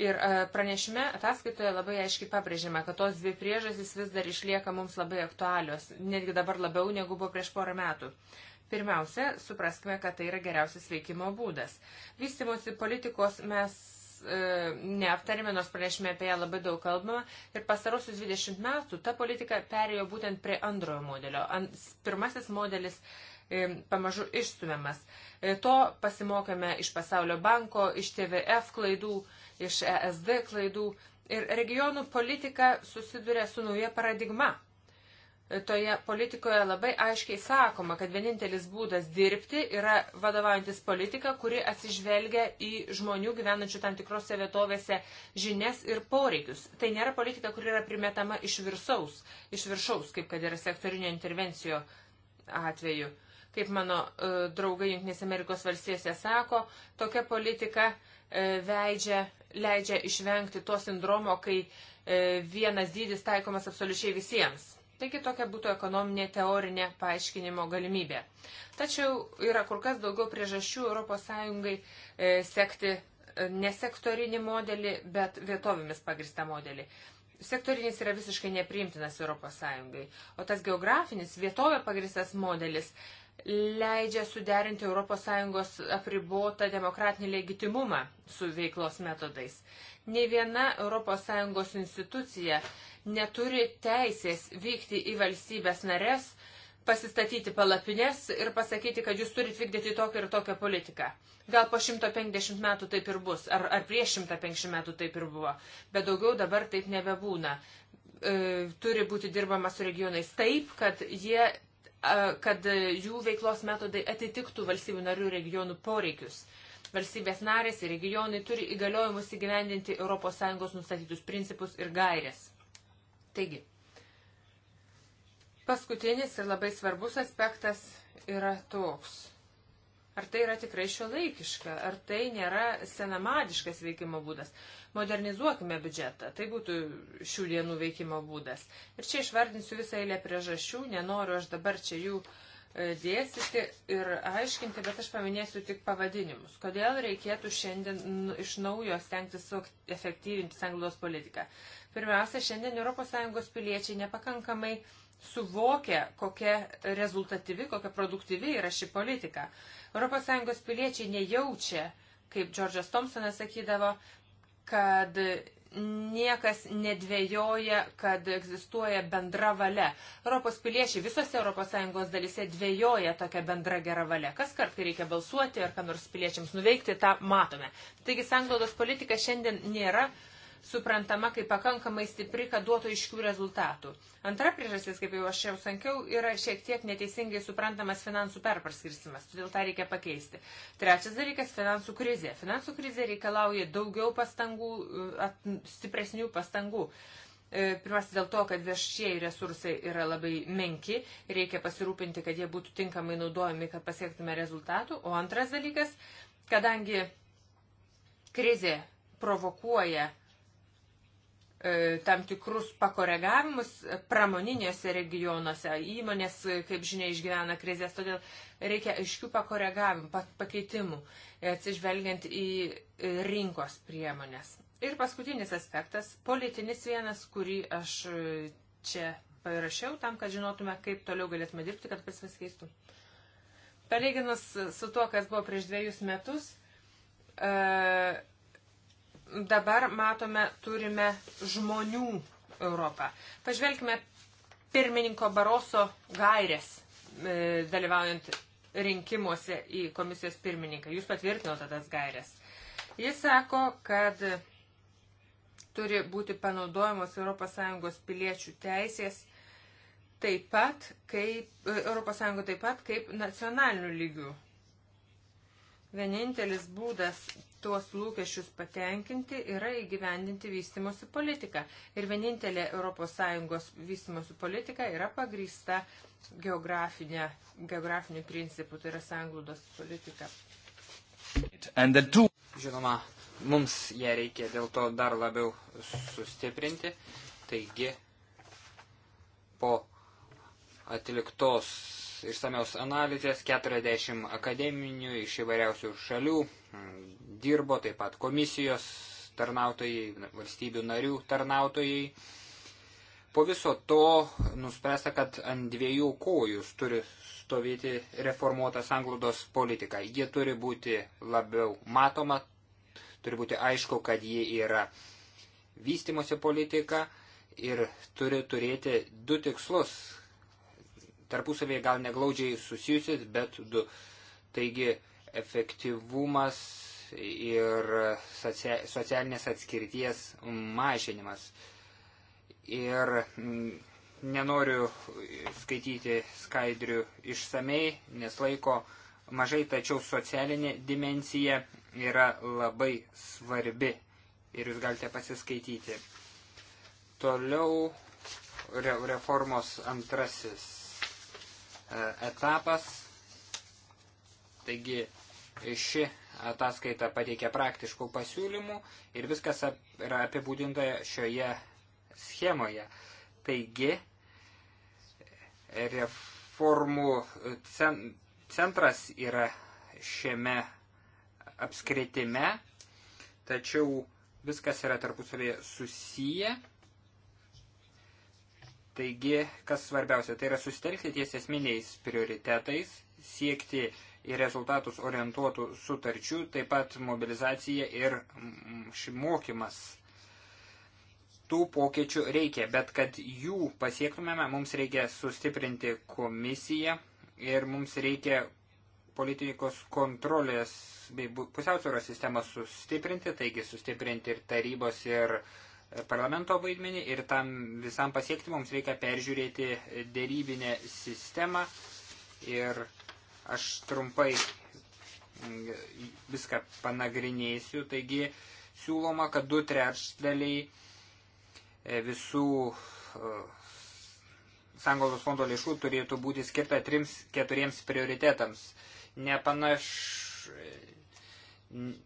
Ir e, pranešime ataskaitoje labai aiškiai pabrėžėme, kad tos dvi priežasys vis dar išlieka mums labai aktualios, netgi dabar labiau negu buvo prieš porą metų. Pirmiausia, supraskime, kad tai yra geriausias veikimo būdas. Vystimosi politikos mes E, neaptarėme, nors pranešime apie ją labai daug kalbama. Ir pastarosius 20 metų ta politika perėjo būtent prie antrojo modelio. Pirmasis modelis e, pamažu išstumiamas. E, to pasimokėme iš Pasaulio banko, iš TVF klaidų, iš ESD klaidų. Ir regionų politika susiduria su nauja paradigma toje politikoje labai aiškiai sakoma, kad vienintelis būdas dirbti yra vadovaujantis politika, kuri atsižvelgia į žmonių gyvenančių tam tikrose vietovėse žinias ir poreikius. Tai nėra politika, kuri yra primetama iš viršaus, iš viršaus kaip kad yra sektorinio intervencijo atveju. Kaip mano uh, draugai Junktinės Amerikos valstijose sako, tokia politika uh, veidžia, leidžia išvengti to sindromo, kai uh, vienas dydis taikomas absoliučiai visiems Taigi tokia būtų ekonominė teorinė paaiškinimo galimybė. Tačiau yra kur kas daugiau priežasčių ES e, sekti e, nesektorinį modelį, bet vietovėmis pagristą modelį. Sektorinis yra visiškai nepriimtinas ES, o tas geografinis vietovė pagristas modelis leidžia suderinti ES apribotą demokratinį legitimumą su veiklos metodais. Ne viena ES institucija neturi teisės vykti į valstybės narės, pasistatyti palapines ir pasakyti, kad jūs turite vykdyti tokią ir tokią politiką. Gal po 150 metų taip ir bus, ar, ar prieš 150 metų taip ir buvo, bet daugiau dabar taip nebebūna. E, turi būti dirbama su regionais taip, kad, jie, e, kad jų veiklos metodai atitiktų valstybių narių regionų poreikius. Valstybės narės ir regionai turi įgaliojimus įgyvendinti ES nustatytus principus ir gairės. Taigi, paskutinis ir labai svarbus aspektas yra toks. Ar tai yra tikrai šiuolaikiška, ar tai nėra senamadiškas veikimo būdas. Modernizuokime biudžetą, tai būtų šių dienų veikimo būdas. Ir čia išvardinsiu visą eilę priežasčių, nenoriu aš dabar čia jų uh, dėstyti ir aiškinti, bet aš paminėsiu tik pavadinimus. Kodėl reikėtų šiandien iš naujo stengtis efektyvinti sanglos politiką? Pirmiausia, šiandien ES piliečiai nepakankamai suvokia, kokia rezultatyvi, kokia produktyvi yra ši politika. ES piliečiai nejaučia, kaip Džordžas Thompsonas sakydavo, kad niekas nedvėjoja, kad egzistuoja bendra valia. Europos piliečiai visose ES dalise dvėjoja tokia bendra gera valia. Kas kart, kai reikia balsuoti ar ką nors piliečiams nuveikti, tą matome. Taigi, sanglaudos politika šiandien nėra uh, suprantama kaip pakankamai stipri, kad duotų iškių rezultatų. Antra priežastis, kaip jau aš jau sankiau, yra šiek tiek neteisingai suprantamas finansų perparskirstimas, todėl tą reikia pakeisti. Trečias dalykas - finansų krizė. Finansų krizė reikalauja daugiau pastangų, e, at, stipresnių pastangų. E, pirmiausia, dėl to, kad viešieji resursai yra labai menki, reikia pasirūpinti, kad jie būtų tinkamai naudojami, kad pasiektume rezultatų. O antras dalykas, kadangi krizė provokuoja uh, E, tam tikrus pakoregavimus pramoninėse regionuose. Įmonės, e, kaip žinia, išgyvena krizės, todėl reikia aiškių pakoregavimų, pakeitimų, e, atsižvelgiant į rinkos priemonės. Ir paskutinis aspektas, politinis vienas, kurį aš čia parašiau tam, kad žinotume, kaip toliau galėtume dirbti, kad viskas keistų. Palyginus su tuo, kas buvo prieš dviejus metus, uh, dabar matome, turime žmonių Europą. Pažvelkime pirmininko Baroso gairės e, dalyvaujant rinkimuose į komisijos pirmininką. Jūs patvirtinote tas gairės. Jis sako, kad turi būti panaudojamos ES piliečių teisės taip pat, kaip e, ES taip pat kaip nacionalinių lygių. Vienintelis būdas tuos lūkesčius patenkinti yra įgyvendinti vystimosi politiką. Ir vienintelė ES vystimosi politika yra pagrįsta geografiniu principu, tai yra sanglūdos politika. Two... Žinoma, mums ją reikia dėl to dar labiau sustiprinti. Taigi, po atliktos išsamiaus analizės, 40 akademinių iš įvairiausių šalių mm, dirbo, taip pat komisijos tarnautojai, valstybių narių tarnautojai. Po viso to nuspręsta, kad ant dviejų kojų turi stovėti reformuotas anglodos politika. Ji turi būti labiau matoma, turi būti aišku, kad ji yra vystimosi politika ir turi turėti du tikslus tarpusavėje gal neglaudžiai susijusios, bet du. Taigi efektyvumas ir socialinės atskirties mažinimas. Ir mm, nenoriu skaityti skaidrių išsamei, nes laiko mažai, tačiau socialinė dimensija yra labai svarbi ir jūs galite pasiskaityti. Toliau reformos antrasis E, etapas. Taigi ši ataskaita pateikia praktiškų pasiūlymų ir viskas yra apibūdinta šioje schemoje. Taigi, reformų centras yra šiame apskritime, tačiau viskas yra tarpusavėje susiję. Taigi, kas svarbiausia, tai yra sustelkti ties esminiais prioritetais, siekti į rezultatus orientuotų sutarčių, taip pat mobilizacija ir mm, mokymas. Tų pokyčių reikia, bet kad jų pasiektumėme, mums reikia sustiprinti komisiją ir mums reikia politikos kontrolės bei pusiausvėros sistemą sustiprinti, taigi sustiprinti ir tarybos ir uh, parlamento vaidmenį ir tam visam pasiekti mums reikia peržiūrėti dėrybinę sistemą ir aš trumpai viską panagrinėsiu. Taigi siūloma, kad du trečdaliai e, visų e, sanglaus fondo lėšų turėtų būti skirta trims keturiems prioritetams. Nepanaš, e,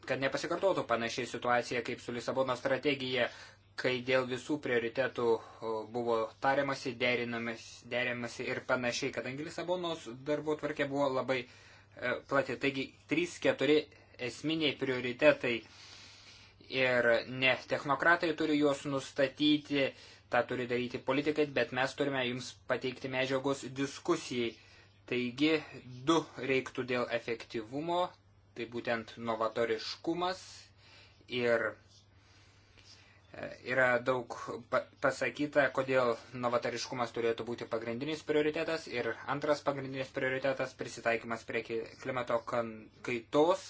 kad nepasikartotų panašiai situacija kaip su Lisabono strategija, kai dėl visų prioritetų buvo tariamasi, derinamasi ir panašiai, kadangi Lisabonos darbo tvarkė buvo labai e, plati. Taigi 3-4 esminiai prioritetai ir ne technokratai turi juos nustatyti, tą turi daryti politikai, bet mes turime jums pateikti medžiagos diskusijai. Taigi du reiktų dėl efektyvumo, tai būtent novatoriškumas ir Yra daug pasakyta, kodėl novatariškumas turėtų būti pagrindinis prioritetas ir antras pagrindinis prioritetas - prisitaikymas prie klimato kaitos,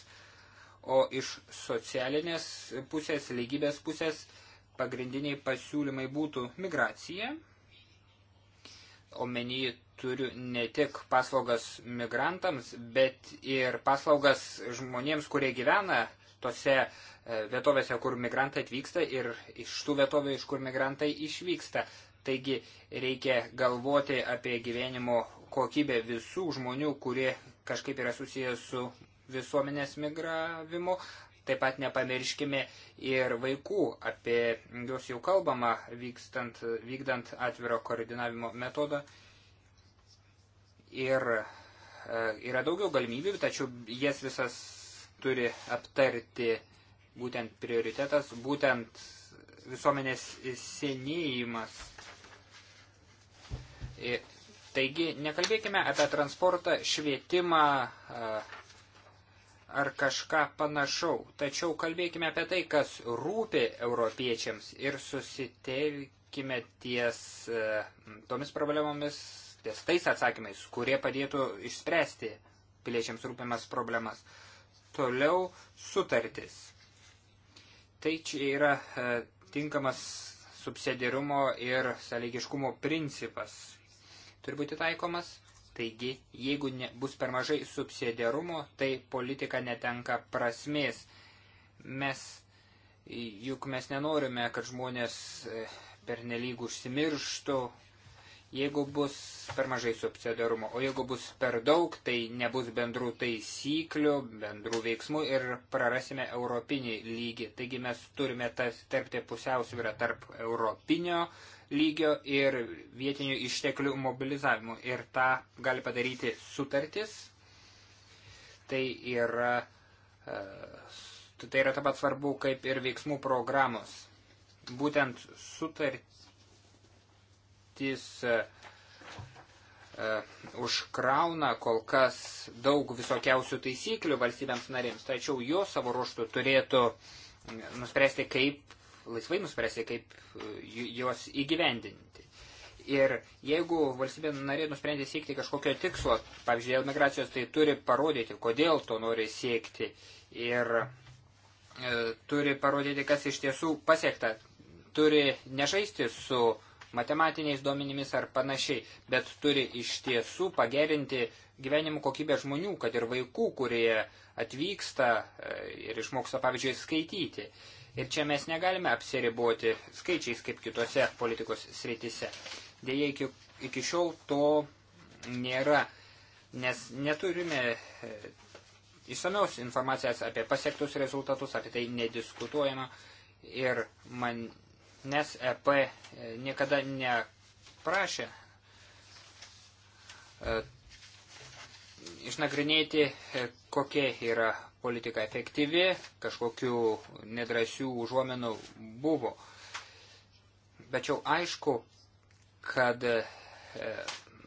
o iš socialinės pusės, lygybės pusės pagrindiniai pasiūlymai būtų migracija. Omeny turiu ne tik paslaugas migrantams, bet ir paslaugas žmonėms, kurie gyvena tose e, vietovėse, kur migrantai atvyksta ir iš tų vietovių, iš kur migrantai išvyksta. Taigi reikia galvoti apie gyvenimo kokybę visų žmonių, kurie kažkaip yra susijęs su visuomenės migravimu. Taip pat nepamirškime ir vaikų, apie juos jau kalbama vykstant, vykdant atviro koordinavimo metodą. Ir e, yra daugiau galimybių, tačiau jas visas turi aptarti būtent prioritetas, būtent visuomenės senėjimas. Taigi, nekalbėkime apie transportą, švietimą ar kažką panašau, tačiau kalbėkime apie tai, kas rūpi europiečiams ir susitelkime ties e, tomis problemomis, ties tais atsakymais, kurie padėtų išspręsti piliečiams rūpimas problemas. Toliau sutartis. Tai čia yra e, tinkamas subsidiarumo ir sąlygiškumo principas. Turi būti taikomas. Taigi, jeigu ne, bus per mažai subsidiarumo, tai politika netenka prasmės. Mes, juk mes nenorime, kad žmonės e, pernelyg užsimirštų, jeigu bus per mažai subsidarumo, o jeigu bus per daug, tai nebus bendrų taisyklių, bendrų veiksmų ir prarasime europinį lygį. Taigi mes turime tas tarpti pusiausvyrą tarp europinio lygio ir vietinių išteklių mobilizavimo. Ir tą gali padaryti sutartis. Tai yra, e, tai yra taip pat svarbu kaip ir veiksmų programos. Būtent sutartis sutartys e, e, užkrauna kol kas daug visokiausių taisyklių valstybėms narėms, tačiau jos savo ruoštų turėtų nuspręsti, kaip, laisvai nuspręsti, kaip e, juos įgyvendinti. Ir jeigu valstybė narė nusprendė siekti kažkokio tikslo, pavyzdžiui, dėl migracijos, tai turi parodyti, kodėl to nori siekti. Ir e, turi parodyti, kas iš tiesų pasiekta. Turi nežaisti su matematiniais duomenimis ar panašiai, bet turi iš tiesų pagerinti gyvenimo kokybę žmonių, kad ir vaikų, kurie atvyksta e, ir išmoksta, pavyzdžiui, skaityti. Ir čia mes negalime apsiriboti skaičiais kaip kitose politikos sritise. Dėja, iki, iki šiol to nėra, nes neturime e, išsamios informacijos apie pasiektus rezultatus, apie tai nediskutuojama. Ir man nes EP niekada neprašė e, išnagrinėti, e, kokia yra politika efektyvi, kažkokių nedrasių užuomenų buvo. Tačiau aišku, kad e,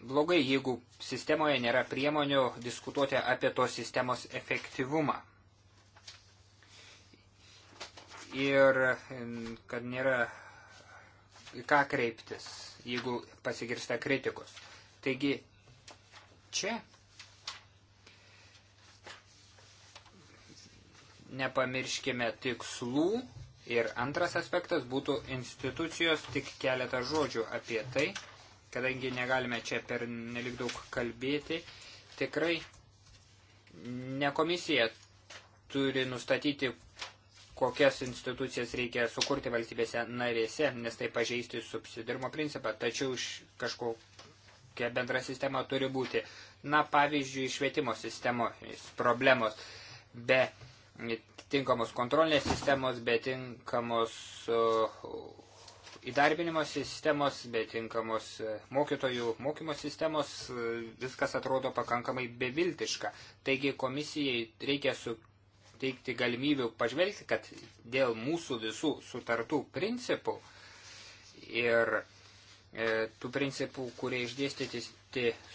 blogai, jeigu sistemoje nėra priemonių diskutuoti apie tos sistemos efektyvumą ir kad nėra į ką kreiptis, jeigu pasigirsta kritikos. Taigi čia nepamirškime tikslų ir antras aspektas būtų institucijos tik keletą žodžių apie tai, kadangi negalime čia per nelik daug kalbėti, tikrai ne komisija turi nustatyti, kokias institucijas reikia sukurti valstybėse narėse, nes tai pažeisti subsidirimo principą, tačiau kažkokia bendra sistema turi būti. Na, pavyzdžiui, švietimo sistemos problemos be tinkamos kontrolinės sistemos, be tinkamos uh, įdarbinimo sistemos, be tinkamos uh, mokytojų mokymo sistemos, uh, viskas atrodo pakankamai beviltiška. Taigi komisijai reikia su suteikti galimybių pažvelgti, kad dėl mūsų visų sutartų principų ir e, tų principų, kurie išdėstyti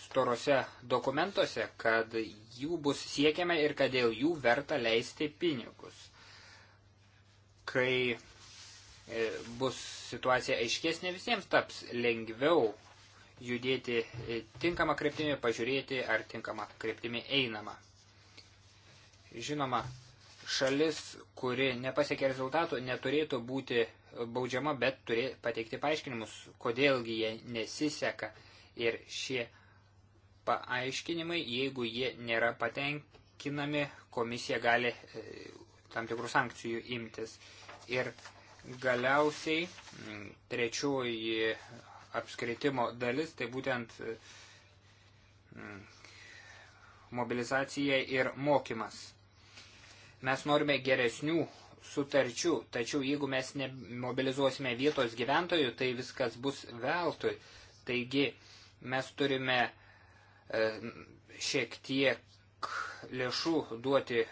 storose dokumentuose, kad jų bus siekiama ir kad dėl jų verta leisti pinigus. Kai e, bus situacija aiškesnė, visiems taps lengviau judėti e, tinkamą kryptimį, pažiūrėti, ar tinkamą kryptimį einama. Žinoma, šalis, kuri nepasiekė rezultatų, neturėtų būti baudžiama, bet turi pateikti paaiškinimus, kodėlgi jie nesiseka. Ir šie paaiškinimai, jeigu jie nėra patenkinami, komisija gali e, tam tikrų sankcijų imtis. Ir galiausiai trečioji apskritimo dalis, tai būtent e, mobilizacija ir mokymas. Mes norime geresnių sutarčių, tačiau jeigu mes nemobilizuosime vietos gyventojų, tai viskas bus veltui. Taigi mes turime e, šiek tiek lėšų duoti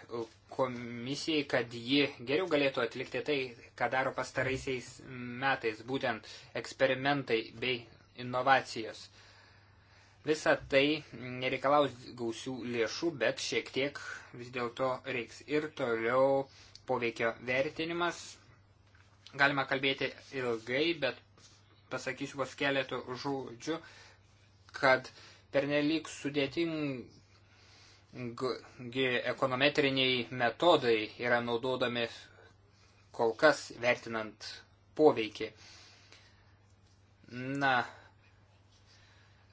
komisijai, kad ji geriau galėtų atlikti tai, ką daro pastaraisiais metais, būtent eksperimentai bei inovacijos. Visa tai nereikalaus gausių lėšų, bet šiek tiek vis dėlto reiks. Ir toliau poveikio vertinimas. Galima kalbėti ilgai, bet pasakysiu vos keletų žodžių, kad pernelyg sudėtingi ekonometriniai metodai yra naudodami kol kas vertinant poveikį. Na,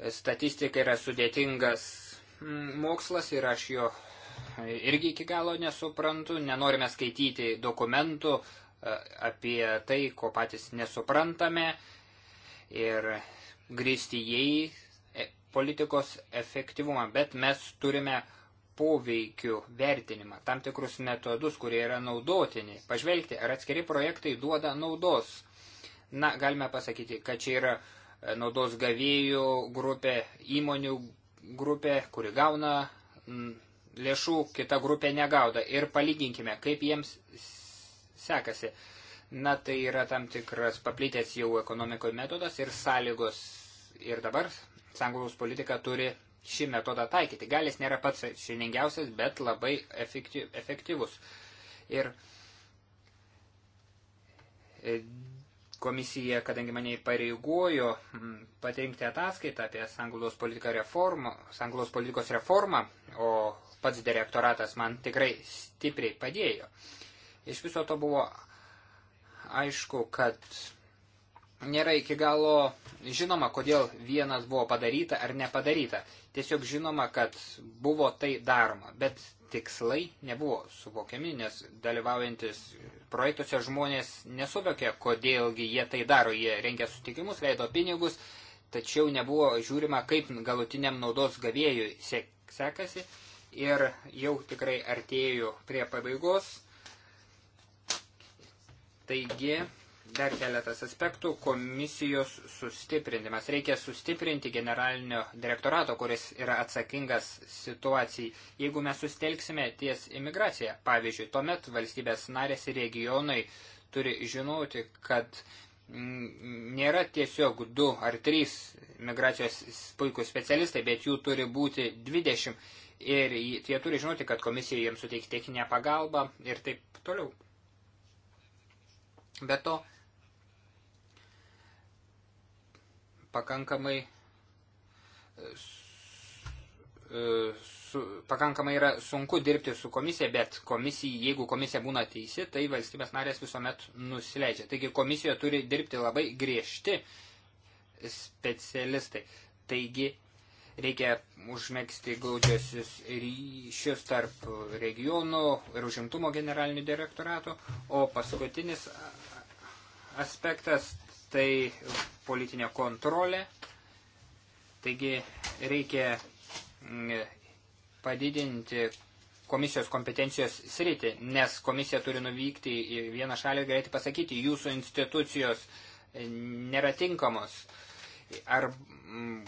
Statistika yra sudėtingas mm, mokslas ir aš jo irgi iki galo nesuprantu. Nenorime skaityti dokumentų e, apie tai, ko patys nesuprantame ir grįsti jai e, politikos efektyvumą, bet mes turime poveikių vertinimą, tam tikrus metodus, kurie yra naudotini, pažvelgti, ar atskiri projektai duoda naudos. Na, galime pasakyti, kad čia yra uh, naudos gavėjų grupė, įmonių grupė, kuri gauna lėšų, kita grupė negauda. Ir palyginkime, kaip jiems sekasi. Na, tai yra tam tikras paplitęs jau ekonomikoje metodas ir sąlygos. Ir dabar sanglaus politika turi šį metodą taikyti. Galis nėra pats šiningiausias, bet labai efektyvus. Ir Komisija, kadangi mane įpareigojo mm, pateikti ataskaitą apie sanglaudos politikos reformą, o pats direktoratas man tikrai stipriai padėjo. Iš viso to buvo aišku, kad nėra iki galo žinoma, kodėl vienas buvo padaryta ar nepadaryta. Tiesiog žinoma, kad buvo tai daroma, bet tikslai nebuvo suvokiami, nes dalyvaujantis projektuose žmonės nesuvokė, kodėlgi jie tai daro. Jie rengė sutikimus, leido pinigus, tačiau nebuvo žiūrima, kaip galutiniam naudos gavėjui sek sekasi. Ir jau tikrai artėjau prie pabaigos. Taigi, Dar keletas aspektų - komisijos sustiprinimas. Reikia sustiprinti generalinio direktorato, kuris yra atsakingas situacijai. Jeigu mes sustelksime ties imigraciją, pavyzdžiui, tuomet valstybės narės ir regionai turi žinoti, kad mm, nėra tiesiog du ar trys migracijos puikų specialistai, bet jų turi būti 20 ir jie turi žinoti, kad komisija jiems suteiks techninę pagalbą ir taip toliau. Be to, pakankamai, e, su, pakankamai yra sunku dirbti su komisija, bet komisija, jeigu komisija būna teisi, tai valstybės narės visuomet nusileidžia. Taigi komisijoje turi dirbti labai griežti specialistai. Taigi reikia užmėgsti glaudžiosius ryšius tarp regionų ir užimtumo generalinių direktoratų. O paskutinis aspektas tai politinė kontrolė. Taigi reikia mm, padidinti komisijos kompetencijos sritį, nes komisija turi nuvykti į vieną šalį ir galėti pasakyti, jūsų institucijos nėra tinkamos. Ar mm,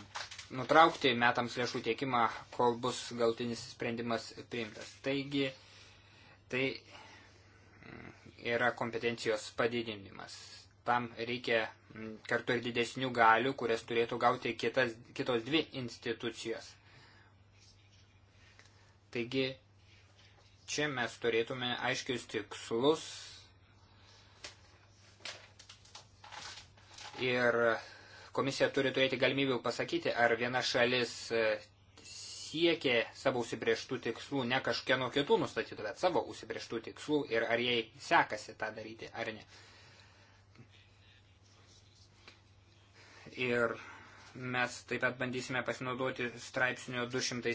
nutraukti metams lėšų tiekimą, kol bus galtinis sprendimas priimtas. Taigi, tai mm, yra kompetencijos padidinimas tam reikia mm, kartu ir didesnių galių, kurias turėtų gauti kitas, kitos dvi institucijos. Taigi, čia mes turėtume aiškius tikslus ir komisija turi turėti galimybių pasakyti, ar viena šalis e, siekė savo užsibrieštų tikslų, ne kažkieno kitų nustatytų, bet savo užsibrieštų tikslų ir ar jai sekasi tą daryti ar ne. ir mes taip pat bandysime pasinaudoti straipsnio 200,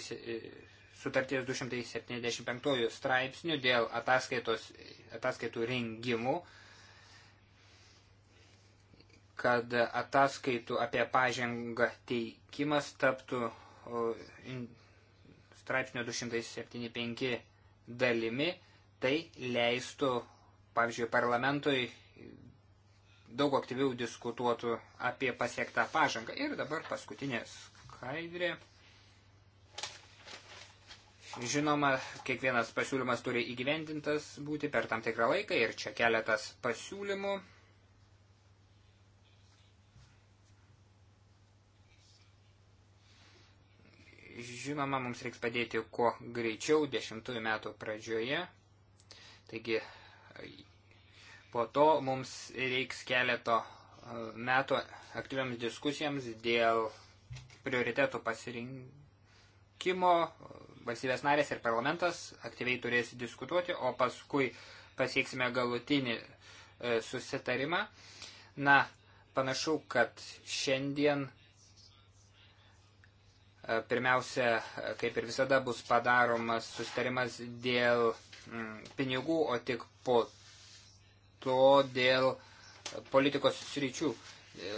sutarties 275 straipsnių dėl ataskaitos, ataskaitų rengimų, kad ataskaitų apie pažengą teikimas taptų straipsnio 275 dalimi, tai leistų, pavyzdžiui, parlamentui daug aktyviau diskutuotų apie pasiektą pažangą. Ir dabar paskutinė skaidrė. Žinoma, kiekvienas pasiūlymas turi įgyvendintas būti per tam tikrą laiką ir čia keletas pasiūlymų. Žinoma, mums reiks padėti kuo greičiau, dešimtųjų metų pradžioje. Taigi, Po to mums reiks keleto e, metų aktyviams diskusijams dėl prioritetų pasirinkimo. Valstybės narės ir parlamentas aktyviai turės diskutuoti, o paskui pasieksime galutinį e, susitarimą. Na, panašu, kad šiandien e, pirmiausia, kaip ir visada, bus padaromas susitarimas dėl pinigų, o tik po to dėl politikos sričių.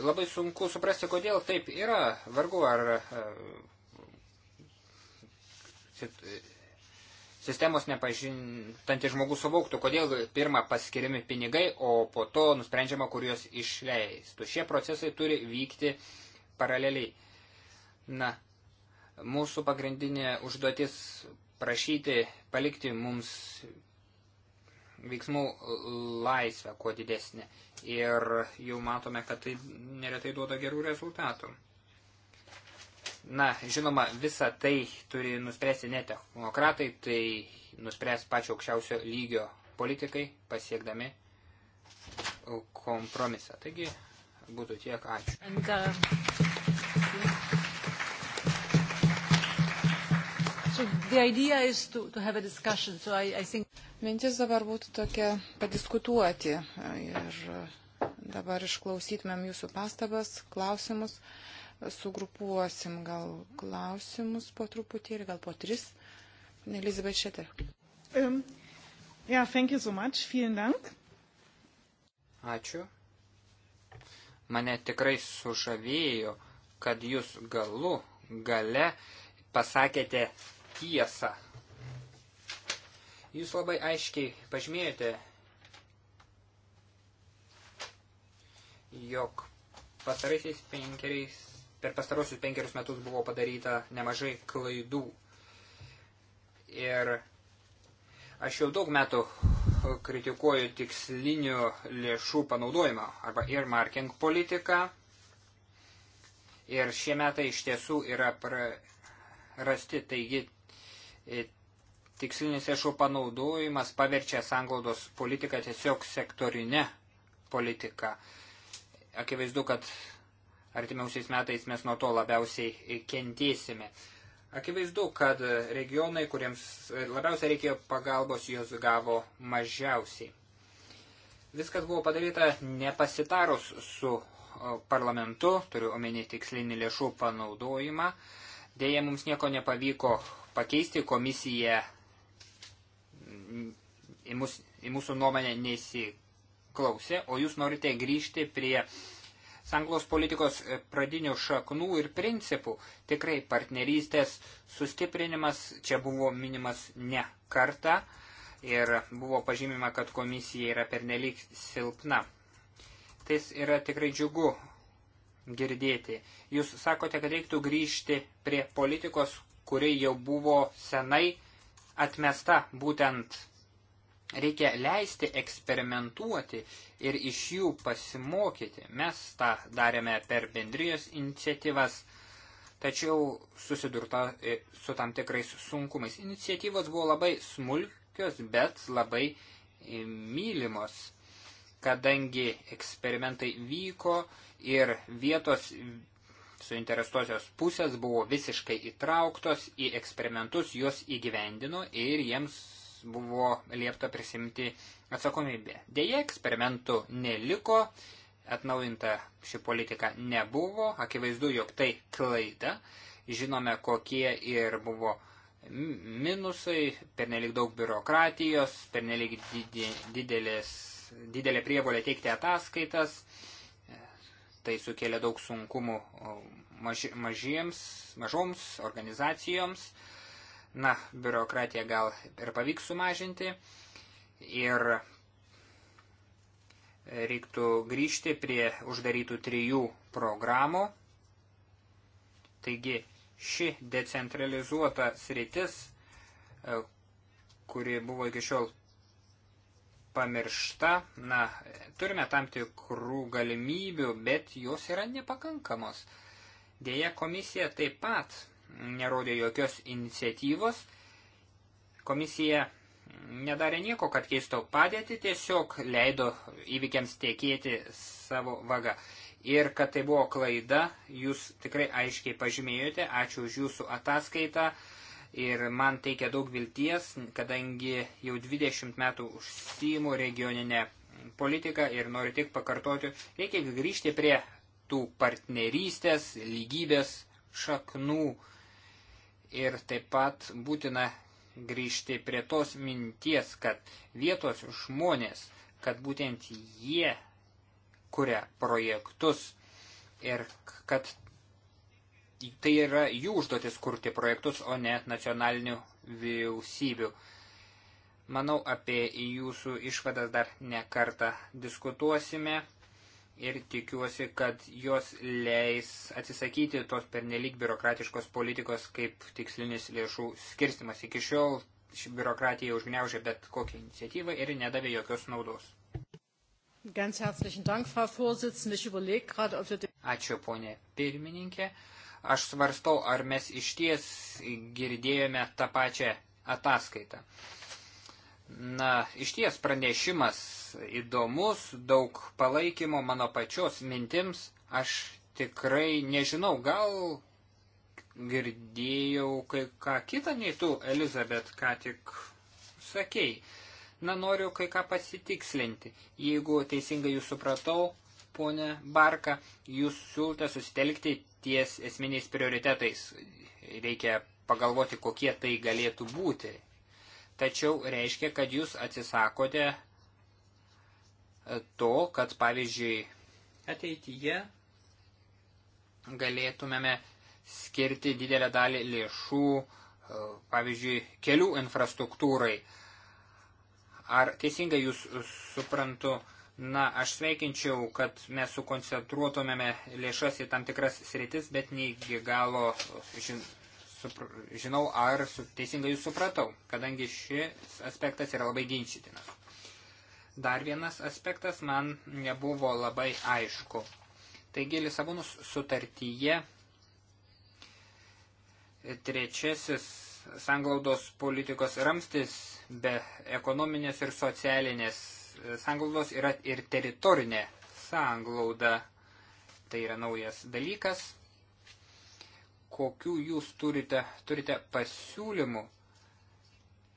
Labai sunku suprasti, kodėl taip yra. Vargu ar e, e, sistemos nepažintantis žmogus suvoktų, kodėl pirmą paskiriami pinigai, o po to nusprendžiama, kur juos išleistų. Šie procesai turi vykti paraleliai. Na, mūsų pagrindinė užduotis prašyti palikti mums veiksmų laisvę kuo didesnė. Ir jau matome, kad tai neretai duoda gerų rezultatų. Na, žinoma, visą tai turi nuspręsti ne technokratai, tai nuspręs pačio aukščiausio lygio politikai pasiekdami kompromisą. Taigi, būtų tiek ačiū. And, uh... to, to so I, I think... Mintis dabar būtų tokia padiskutuoti ir dabar išklausytumėm jūsų pastabas, klausimus, sugrupuosim gal klausimus po truputį ir gal po tris. Elizabeth Schetter. Um, yeah, thank you so much. Vielen Dank. Ačiū. Mane tikrai sužavėjo, kad jūs galu gale pasakėte tiesą. Jūs labai aiškiai pažymėjote, jog pastaraisiais penkeriais, per pastarosius penkerius metus buvo padaryta nemažai klaidų. Ir aš jau daug metų kritikuoju tikslinių lėšų panaudojimą arba earmarking politiką. Ir šie metai iš tiesų yra prarasti, taigi E, tikslinis lėšų panaudojimas paverčia sanglaudos politiką tiesiog sektorinę politiką. Akivaizdu, kad artimiausiais metais mes nuo to labiausiai kentėsime. Akivaizdu, kad regionai, kuriems labiausiai reikėjo pagalbos, jos gavo mažiausiai. Viskas buvo padaryta nepasitarus su e, parlamentu, turiu omeny tikslinį lėšų panaudojimą. Dėja, mums nieko nepavyko pakeisti, komisija į, mus, į mūsų nuomonę neįsiklausė, o jūs norite grįžti prie sanglos politikos e, pradinių šaknų ir principų. Tikrai partnerystės sustiprinimas čia buvo minimas ne kartą ir buvo pažymima, kad komisija yra pernelyg silpna. Tai yra tikrai džiugu girdėti. Jūs sakote, kad reiktų grįžti prie politikos, kuri jau buvo senai atmesta. Būtent reikia leisti eksperimentuoti ir iš jų pasimokyti. Mes tą darėme per bendrijos iniciatyvas, tačiau susidurta e, su tam tikrais sunkumais. Iniciatyvos buvo labai smulkios, bet labai e, mylimos kadangi eksperimentai vyko ir vietos suinteresuosios pusės buvo visiškai įtrauktos į eksperimentus, juos įgyvendino ir jiems buvo liepta prisimti atsakomybę. Deja, eksperimentų neliko, atnaujinta ši politika nebuvo, akivaizdu, jog tai klaida, žinome, kokie ir buvo minusai, pernelik daug biurokratijos, pernelik didelės, didelė prievolė teikti ataskaitas, tai sukėlė daug sunkumų maži, mažiems, mažoms organizacijoms. Na, biurokratiją gal ir pavyks sumažinti. Ir reiktų grįžti prie uždarytų trijų programų. Taigi, ši decentralizuota sritis, e, kuri buvo iki šiol pamiršta. Na, turime tam tikrų galimybių, bet jos yra nepakankamos. Dėja, komisija taip pat nerodė jokios iniciatyvos. Komisija nedarė nieko, kad keisto padėti, tiesiog leido įvykiams tiekėti savo vagą. Ir kad tai buvo klaida, jūs tikrai aiškiai pažymėjote. Ačiū už jūsų ataskaitą ir man teikia daug vilties, kadangi jau 20 metų užsijimu regioninę politiką ir noriu tik pakartoti, reikia grįžti prie tų partnerystės, lygybės šaknų ir taip pat būtina grįžti prie tos minties, kad vietos žmonės, kad būtent jie kuria projektus ir kad tai yra jų užduotis kurti projektus, o ne nacionalinių vyriausybių. Manau, apie jūsų išvadas dar nekartą diskutuosime ir tikiuosi, kad jos leis atsisakyti tos pernelyg biurokratiškos politikos kaip tikslinis lėšų skirstimas. Iki šiol ši biurokratija užgneužė bet kokią iniciatyvą ir nedavė jokios naudos. Ačiū, ponė pirmininkė. Aš svarstau, ar mes išties girdėjome tą pačią ataskaitą. Na, išties pranešimas įdomus, daug palaikymo mano pačios mintims. Aš tikrai nežinau, gal girdėjau kai ką kitą nei tu, Elizabet, ką tik sakei. Na, noriu kai ką pasitikslinti. Jeigu teisingai jūs supratau, ponė Barka, jūs siūlote susitelkti ties esminiais prioritetais. Reikia pagalvoti, kokie tai galėtų būti. Tačiau reiškia, kad jūs atsisakote e, to, kad pavyzdžiui ateityje galėtumėme skirti didelę dalį lėšų, e, pavyzdžiui, kelių infrastruktūrai. Ar teisingai jūs suprantu, Na, aš sveikinčiau, kad mes sukoncentruotumėme lėšas į tam tikras sritis, bet nei iki galo žin, supr, žinau, ar su, teisingai jūs supratau, kadangi šis aspektas yra labai ginčytinas. Dar vienas aspektas man nebuvo labai aišku. Taigi, Lisabonus sutartyje trečiasis sanglaudos politikos ramstis be ekonominės ir socialinės sanglaudos yra ir teritorinė sanglauda. Tai yra naujas dalykas. Kokių jūs turite, turite pasiūlymų,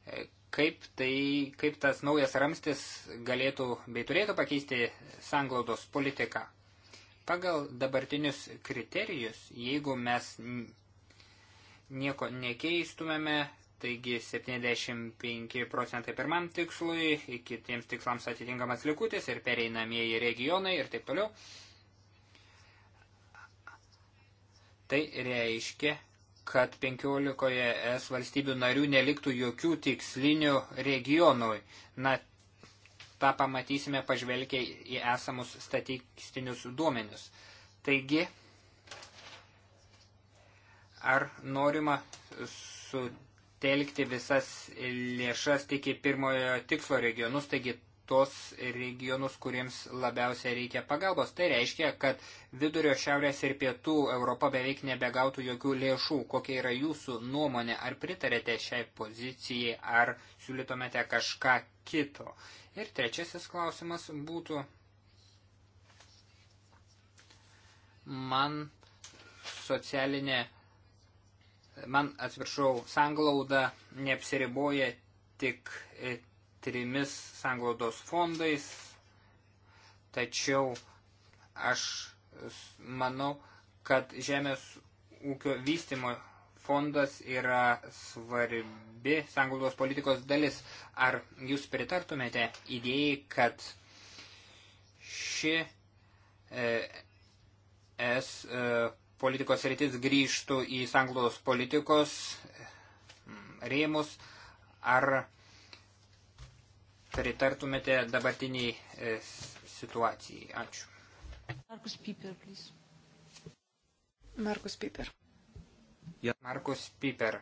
e, kaip, tai, kaip tas naujas ramstis galėtų bei turėtų pakeisti sanglaudos politiką? Pagal dabartinius kriterijus, jeigu mes nieko nekeistumėme, Taigi 75 procentai pirmam tikslui, kitiems tikslams atitinkamas likutis ir pereinamieji regionai ir taip toliau. Tai reiškia, kad 15 ES valstybių narių neliktų jokių tikslinių regionui. Na, tą pamatysime pažvelgę į esamus statistinius duomenius. Taigi, ar norima su telkti visas lėšas tik į pirmojo tikslo regionus, taigi tos regionus, kuriems labiausiai reikia pagalbos. Tai reiškia, kad vidurio šiaurės ir pietų Europa beveik nebegautų jokių lėšų. Kokia yra jūsų nuomonė? Ar pritarėte šiai pozicijai, ar siūlytumėte kažką kito? Ir trečiasis klausimas būtų. Man socialinė man atsiprašau, sanglauda neapsiriboja tik e, trimis sanglaudos fondais, tačiau aš manau, kad Žemės ūkio vystimo fondas yra svarbi sanglaudos politikos dalis. Ar jūs pritartumėte idėjai, kad ši e, es e, politikos rytis grįžtų į sanglaudos politikos mm, rėmus, ar pritartumėte dabartiniai e, situacijai? Ačiū. Markus Piper, please. Markus Piper. Ja. Markus Piper.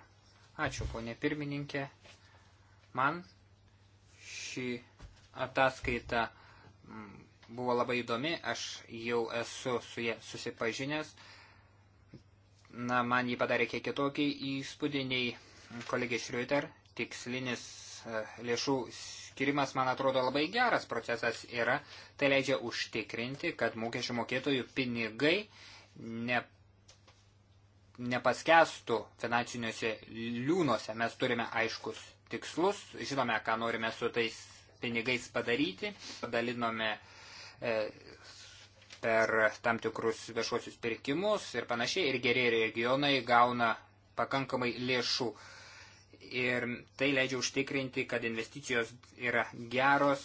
Ačiū, ponė pirmininkė. Man ši ataskaita mm, buvo labai įdomi, aš jau esu su jie susipažinęs na, man jį padarė kiek kitokį įspūdį nei kolegė Šriuter. Tikslinis e, lėšų skirimas, man atrodo, labai geras procesas yra. Tai leidžia užtikrinti, kad mokesčių mokėtojų pinigai ne, nepaskestų finansiniuose liūnuose. Mes turime aiškus tikslus, žinome, ką norime su tais pinigais padaryti. Dalinome e, per tam tikrus viešuosius pirkimus ir panašiai, ir geriai regionai gauna pakankamai lėšų. Ir tai leidžia užtikrinti, kad investicijos yra geros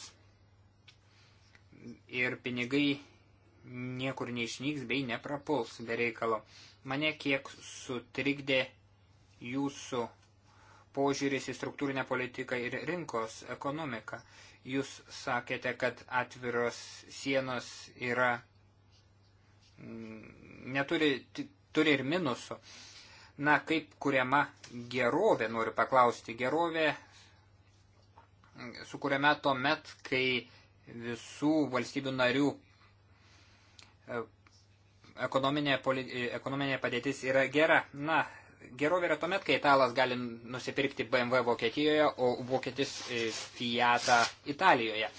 ir pinigai niekur neišnyks bei neprapuls be reikalo. Mane kiek sutrikdė jūsų požiūris į struktūrinę politiką ir rinkos ekonomiką. Jūs sakėte, kad atviros sienos yra neturi, turi ir minusų. Na, kaip kuriama gerovė, noriu paklausti, gerovė sukūrėme tuo met, kai visų valstybių narių e, ekonominė, e, ekonominė padėtis yra gera. Na, gerovė yra tuomet, kai italas gali nusipirkti BMW Vokietijoje, o vokietis e, Fiatą Italijoje.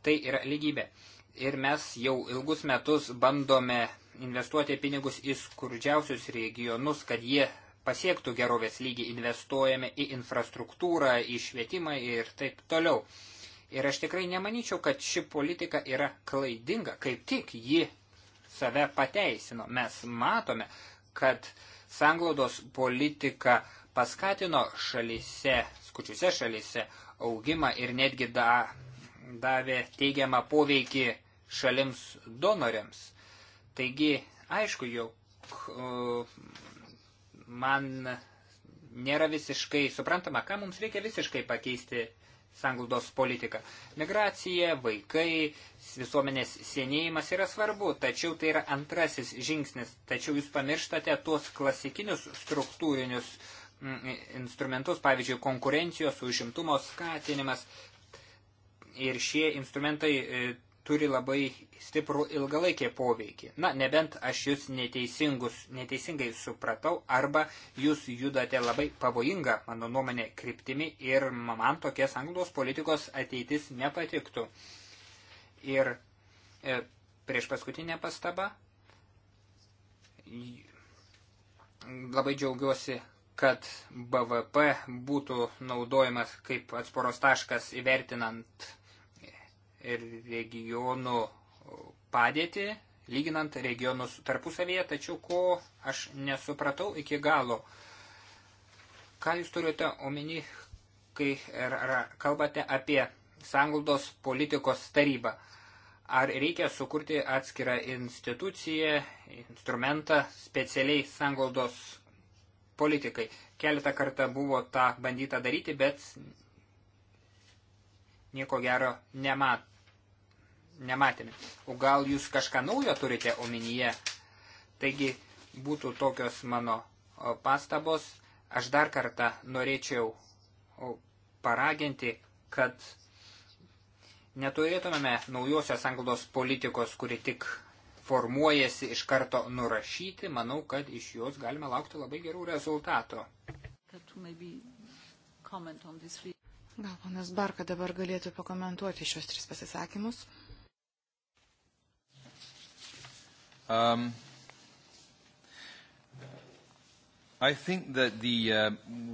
Tai yra lygybė ir mes jau ilgus metus bandome investuoti pinigus į skurdžiausius regionus, kad jie pasiektų gerovės lygį, investuojame į infrastruktūrą, į švietimą ir taip toliau. Ir aš tikrai nemanyčiau, kad ši politika yra klaidinga, kaip tik ji save pateisino. Mes matome, kad sanglaudos politika paskatino šalise, skučiuose šalise augimą ir netgi da, davė teigiamą poveikį šalims donoriams. Taigi, aišku, jog e, man nėra visiškai suprantama, ką mums reikia visiškai pakeisti sanglaudos politiką. Migracija, vaikai, visuomenės senėjimas yra svarbu, tačiau tai yra antrasis žingsnis. Tačiau jūs pamirštate tuos klasikinius struktūrinius mm, instrumentus, pavyzdžiui, konkurencijos, užimtumo skatinimas. Ir šie instrumentai e, turi labai stiprų ilgalaikį poveikį. Na, nebent aš jūs neteisingai supratau, arba jūs judate labai pavojinga, mano nuomonė, kryptimi ir man tokie anglos politikos ateitis nepatiktų. Ir e, prieš paskutinę pastabą labai džiaugiuosi kad BVP būtų naudojamas kaip atsporos taškas įvertinant ir regionų padėtį, lyginant regionus tarpusavėje, tačiau ko aš nesupratau iki galo. Ką jūs turite omeny, kai er, kalbate apie sanglaudos politikos tarybą? Ar reikia sukurti atskirą instituciją, instrumentą specialiai sanglaudos politikai? Keletą kartą buvo tą bandyta daryti, bet nieko gero nematome nematėme. O gal jūs kažką naujo turite omenyje? Taigi būtų tokios mano pastabos. Aš dar kartą norėčiau paraginti, kad neturėtumėme naujosios anglos politikos, kuri tik formuojasi iš karto nurašyti. Manau, kad iš jos galime laukti labai gerų rezultatų. Gal ponas Barka dabar galėtų pakomentuoti šios tris pasisakymus? Um, I think that the, uh,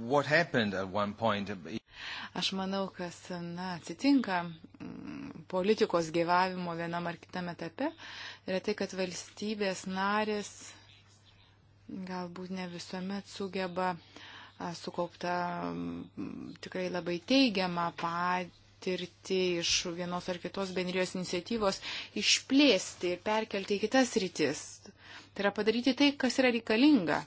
what happened at one point... Uh, Aš manau, kas na, atsitinka mm, politikos gyvavimo vienam ar kitam etape, yra tai, kad valstybės narės galbūt ne visuomet sugeba sukaupta tikrai labai teigiamą patirtį patirtį iš vienos ar kitos bendrijos iniciatyvos išplėsti ir perkelti į kitas rytis. Tai yra padaryti tai, kas yra reikalinga.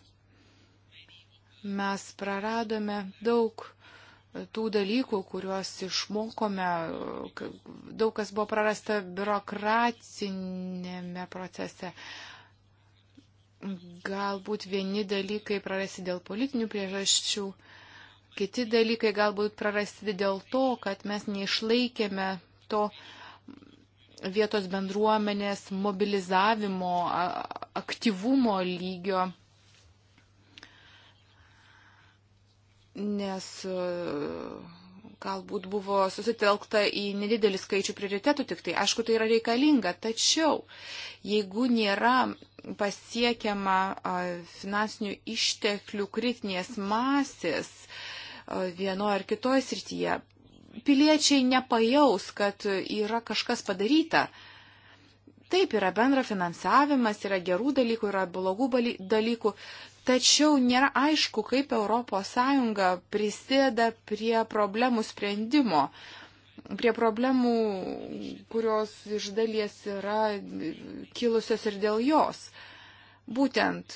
Mes praradome daug e, tų dalykų, kuriuos išmokome, daug kas buvo prarasta biurokratinėme procese galbūt vieni dalykai prarasi dėl politinių priežasčių, Kiti dalykai galbūt prarasti dėl to, kad mes neišlaikėme to vietos bendruomenės mobilizavimo, aktyvumo lygio. Nes e, galbūt buvo susitelkta į nedidelį skaičių prioritetų tik tai. Aišku, tai yra reikalinga, tačiau jeigu nėra pasiekiama finansinių išteklių kritinės masės, uh, vienoje ar kitoje srityje, piliečiai nepajaus, kad yra kažkas padaryta. Taip yra bendra finansavimas, yra gerų dalykų, yra blogų dalykų, tačiau nėra aišku, kaip ES prisėda prie problemų sprendimo, prie problemų, kurios iš dalies yra kilusios ir dėl jos. Būtent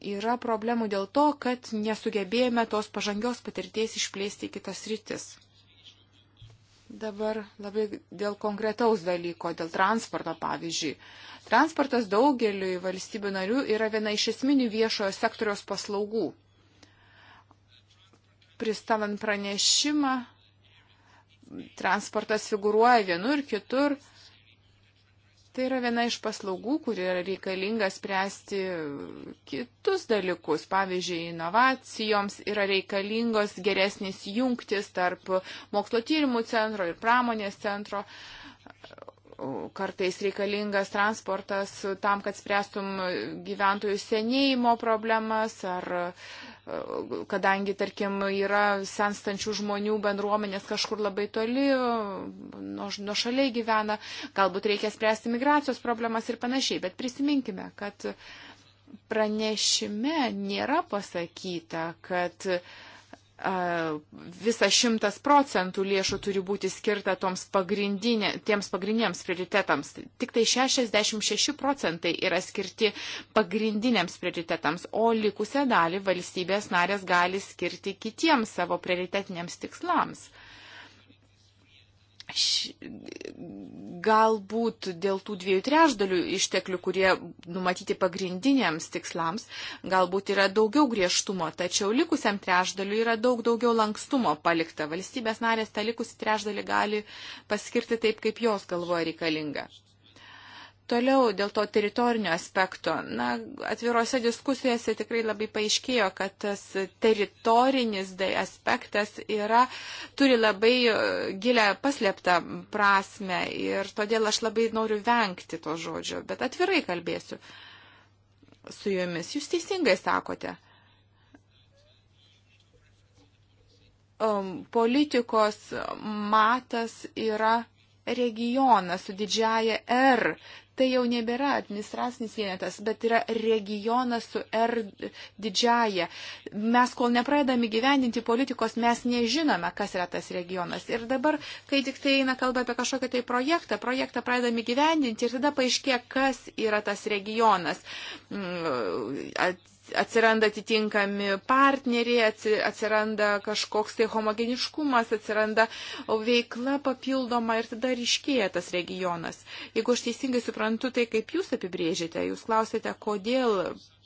yra problemų dėl to, kad nesugebėjome tos pažangios patirties išplėsti į kitas rytis. Dabar labai dėl konkretaus dalyko, dėl transporto pavyzdžiui. Transportas daugeliu valstybių narių yra viena iš esminių viešojo sektoriaus paslaugų. Pristavant pranešimą, transportas figuruoja vienur, kitur Tai yra viena iš paslaugų, kuri yra reikalinga spręsti kitus dalykus. Pavyzdžiui, inovacijoms yra reikalingos geresnis jungtis tarp mokslo tyrimų centro ir pramonės centro. Uh, kartais reikalingas transportas tam, kad spręstum gyventojų senėjimo problemas, ar kadangi, tarkim, yra senstančių žmonių bendruomenės kažkur labai toli, nuo, nuo šaliai gyvena, galbūt reikia spręsti migracijos problemas ir panašiai, bet prisiminkime, kad pranešime nėra pasakyta, kad uh, visa šimtas procentų lėšų turi būti skirta toms pagrindinė, tiems pagrindiniams prioritetams. Tik tai 66 procentai yra skirti pagrindiniams prioritetams, o likusią dalį valstybės narės gali skirti kitiems savo prioritetiniams tikslams galbūt dėl tų dviejų trešdalių išteklių, kurie numatyti pagrindiniams tikslams, galbūt yra daugiau griežtumo, tačiau likusiam trešdaliu yra daug daugiau lankstumo palikta. Valstybės narės tą likusį trešdalį gali paskirti taip, kaip jos galvoja reikalinga. Toliau dėl to teritorinio aspekto. Na, atvirose diskusijose tikrai labai paaiškėjo, kad tas teritorinis aspektas yra, turi labai e, gilę paslėptą prasme ir todėl aš labai noriu vengti to žodžio, bet atvirai kalbėsiu su jumis. Jūs teisingai sakote. Politikos matas yra regioną su didžiaja R tai jau nebėra administracinis vienetas, bet yra regionas su R didžiaja. Mes, kol nepradedame gyvendinti politikos, mes nežinome, kas yra tas regionas. Ir dabar, kai tik tai eina kalba apie kažkokią tai projektą, projektą pradedame gyvendinti ir tada paaiškė, kas yra tas regionas. Mm, atsiranda atitinkami partneriai, atsiranda kažkoks tai homogeniškumas, atsiranda veikla papildoma ir tada ryškėja tas regionas. Jeigu aš teisingai suprantu tai, kaip jūs apibrėžite, jūs klausėte, kodėl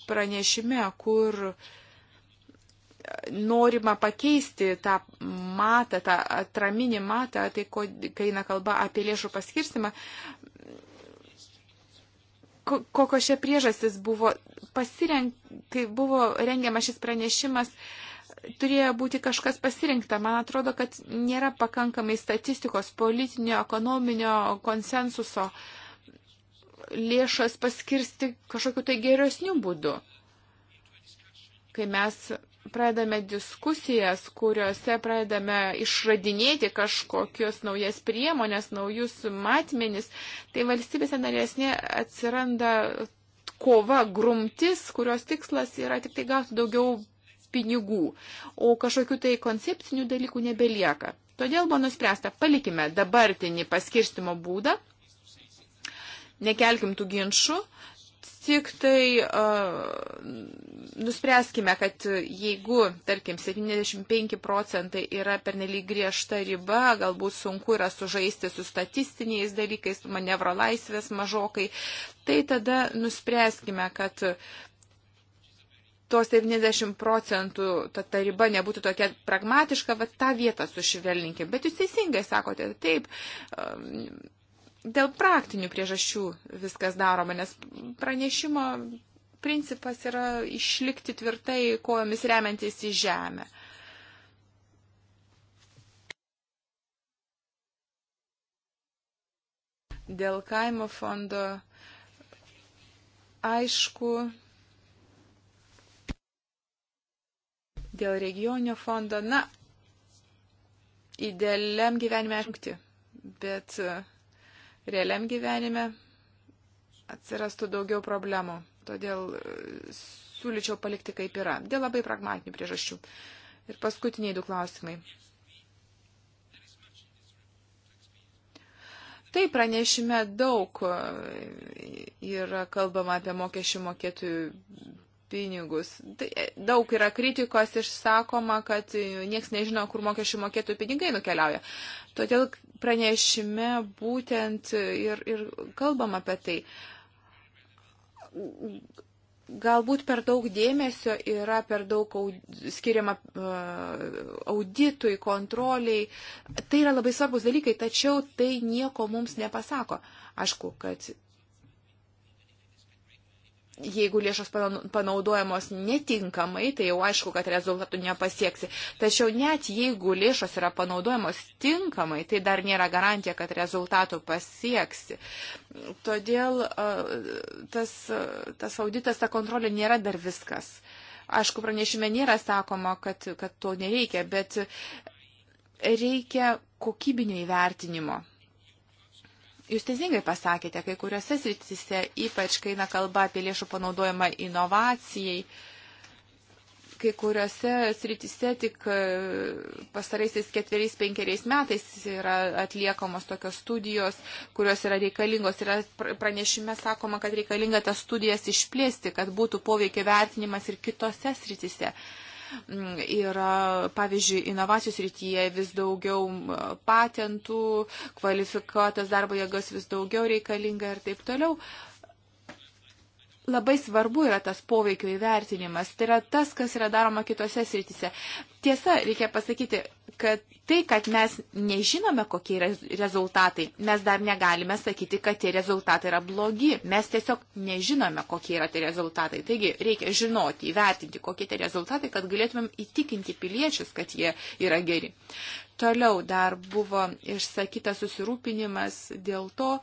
pranešime, kur norima pakeisti tą matą, tą atraminį matą, tai kai eina kalba apie lėšų paskirstimą, kokios čia priežastis buvo pasirenk, kai buvo rengiamas šis pranešimas, turėjo būti kažkas pasirinkta. Man atrodo, kad nėra pakankamai statistikos, politinio, ekonominio konsensuso lėšas paskirsti kažkokiu tai geresniu būdu. Kai mes pradame diskusijas, kuriuose pradame išradinėti kažkokius naujas priemonės, naujus matmenis, tai valstybėse narėsnė atsiranda kova, grumtis, kurios tikslas yra tik tai gauti daugiau pinigų, o kažkokių tai koncepcinių dalykų nebelieka. Todėl buvo nuspręsta, palikime dabartinį paskirstimo būdą, nekelkim tų ginčių tik tai uh, nuspręskime, kad jeigu, tarkim, 75 procentai yra pernelyg griežta riba, galbūt sunku yra sužaisti su statistiniais dalykais, manevro laisvės mažokai, tai tada nuspręskime, kad tos 70 procentų ta, ta riba nebūtų tokia pragmatiška, bet tą vietą sušvelninkim. Bet jūs teisingai sakote, taip. Um, dėl praktinių priežasčių viskas daroma, nes pranešimo principas yra išlikti tvirtai kojomis remiantis į žemę. Dėl kaimo fondo aišku, dėl regioninio fondo, na, idealiam gyvenime aiškti, bet uh, realiam gyvenime atsirastų daugiau problemų. Todėl e, siūlyčiau palikti kaip yra, dėl labai pragmatinių priežasčių. Ir paskutiniai du klausimai. Taip, pranešime daug e, yra kalbama apie mokesčių mokėtojų pinigus. Tai e, daug yra kritikos išsakoma, kad e, nieks nežino, kur mokesčių mokėtų pinigai nukeliauja. Todėl pranešime būtent ir, ir kalbam apie tai. Galbūt per daug dėmesio yra per daug skiriama e, auditui, kontroliai. Tai yra labai svarbus dalykai, tačiau tai nieko mums nepasako. Aišku, kad jeigu lėšos panaudojamos netinkamai, tai jau aišku, kad rezultatų nepasieksi. Tačiau net jeigu lėšos yra panaudojamos tinkamai, tai dar nėra garantija, kad rezultatų pasieksi. Todėl tas, tas auditas, ta kontrolė nėra dar viskas. Aišku, pranešime nėra sakoma, kad, kad to nereikia, bet reikia kokybinio įvertinimo Jūs teisingai pasakėte, kai kuriuose srityse, ypač kai eina kalba apie lėšų panaudojimą inovacijai, kai kuriuose srityse tik e, pastaraisiais ketveriais, penkeriais metais yra atliekamos tokios studijos, kurios yra reikalingos. Yra pranešime sakoma, kad reikalinga tas studijas išplėsti, kad būtų poveikio vertinimas ir kitose srityse. Uh, Mm, yra, pavyzdžiui, inovacijų srityje vis daugiau patentų, kvalifikuotas darbo jėgas vis daugiau reikalinga ir taip toliau labai svarbu yra tas poveikio įvertinimas, tai yra tas, kas yra daroma kitose srityse. Tiesa, reikia pasakyti, kad tai, kad mes nežinome, kokie yra rezultatai, mes dar negalime sakyti, kad tie rezultatai yra blogi. Mes tiesiog nežinome, kokie yra tie rezultatai. Taigi reikia žinoti, įvertinti, kokie tie rezultatai, kad galėtumėm įtikinti piliečius, kad jie yra geri. Toliau dar buvo išsakytas susirūpinimas dėl to,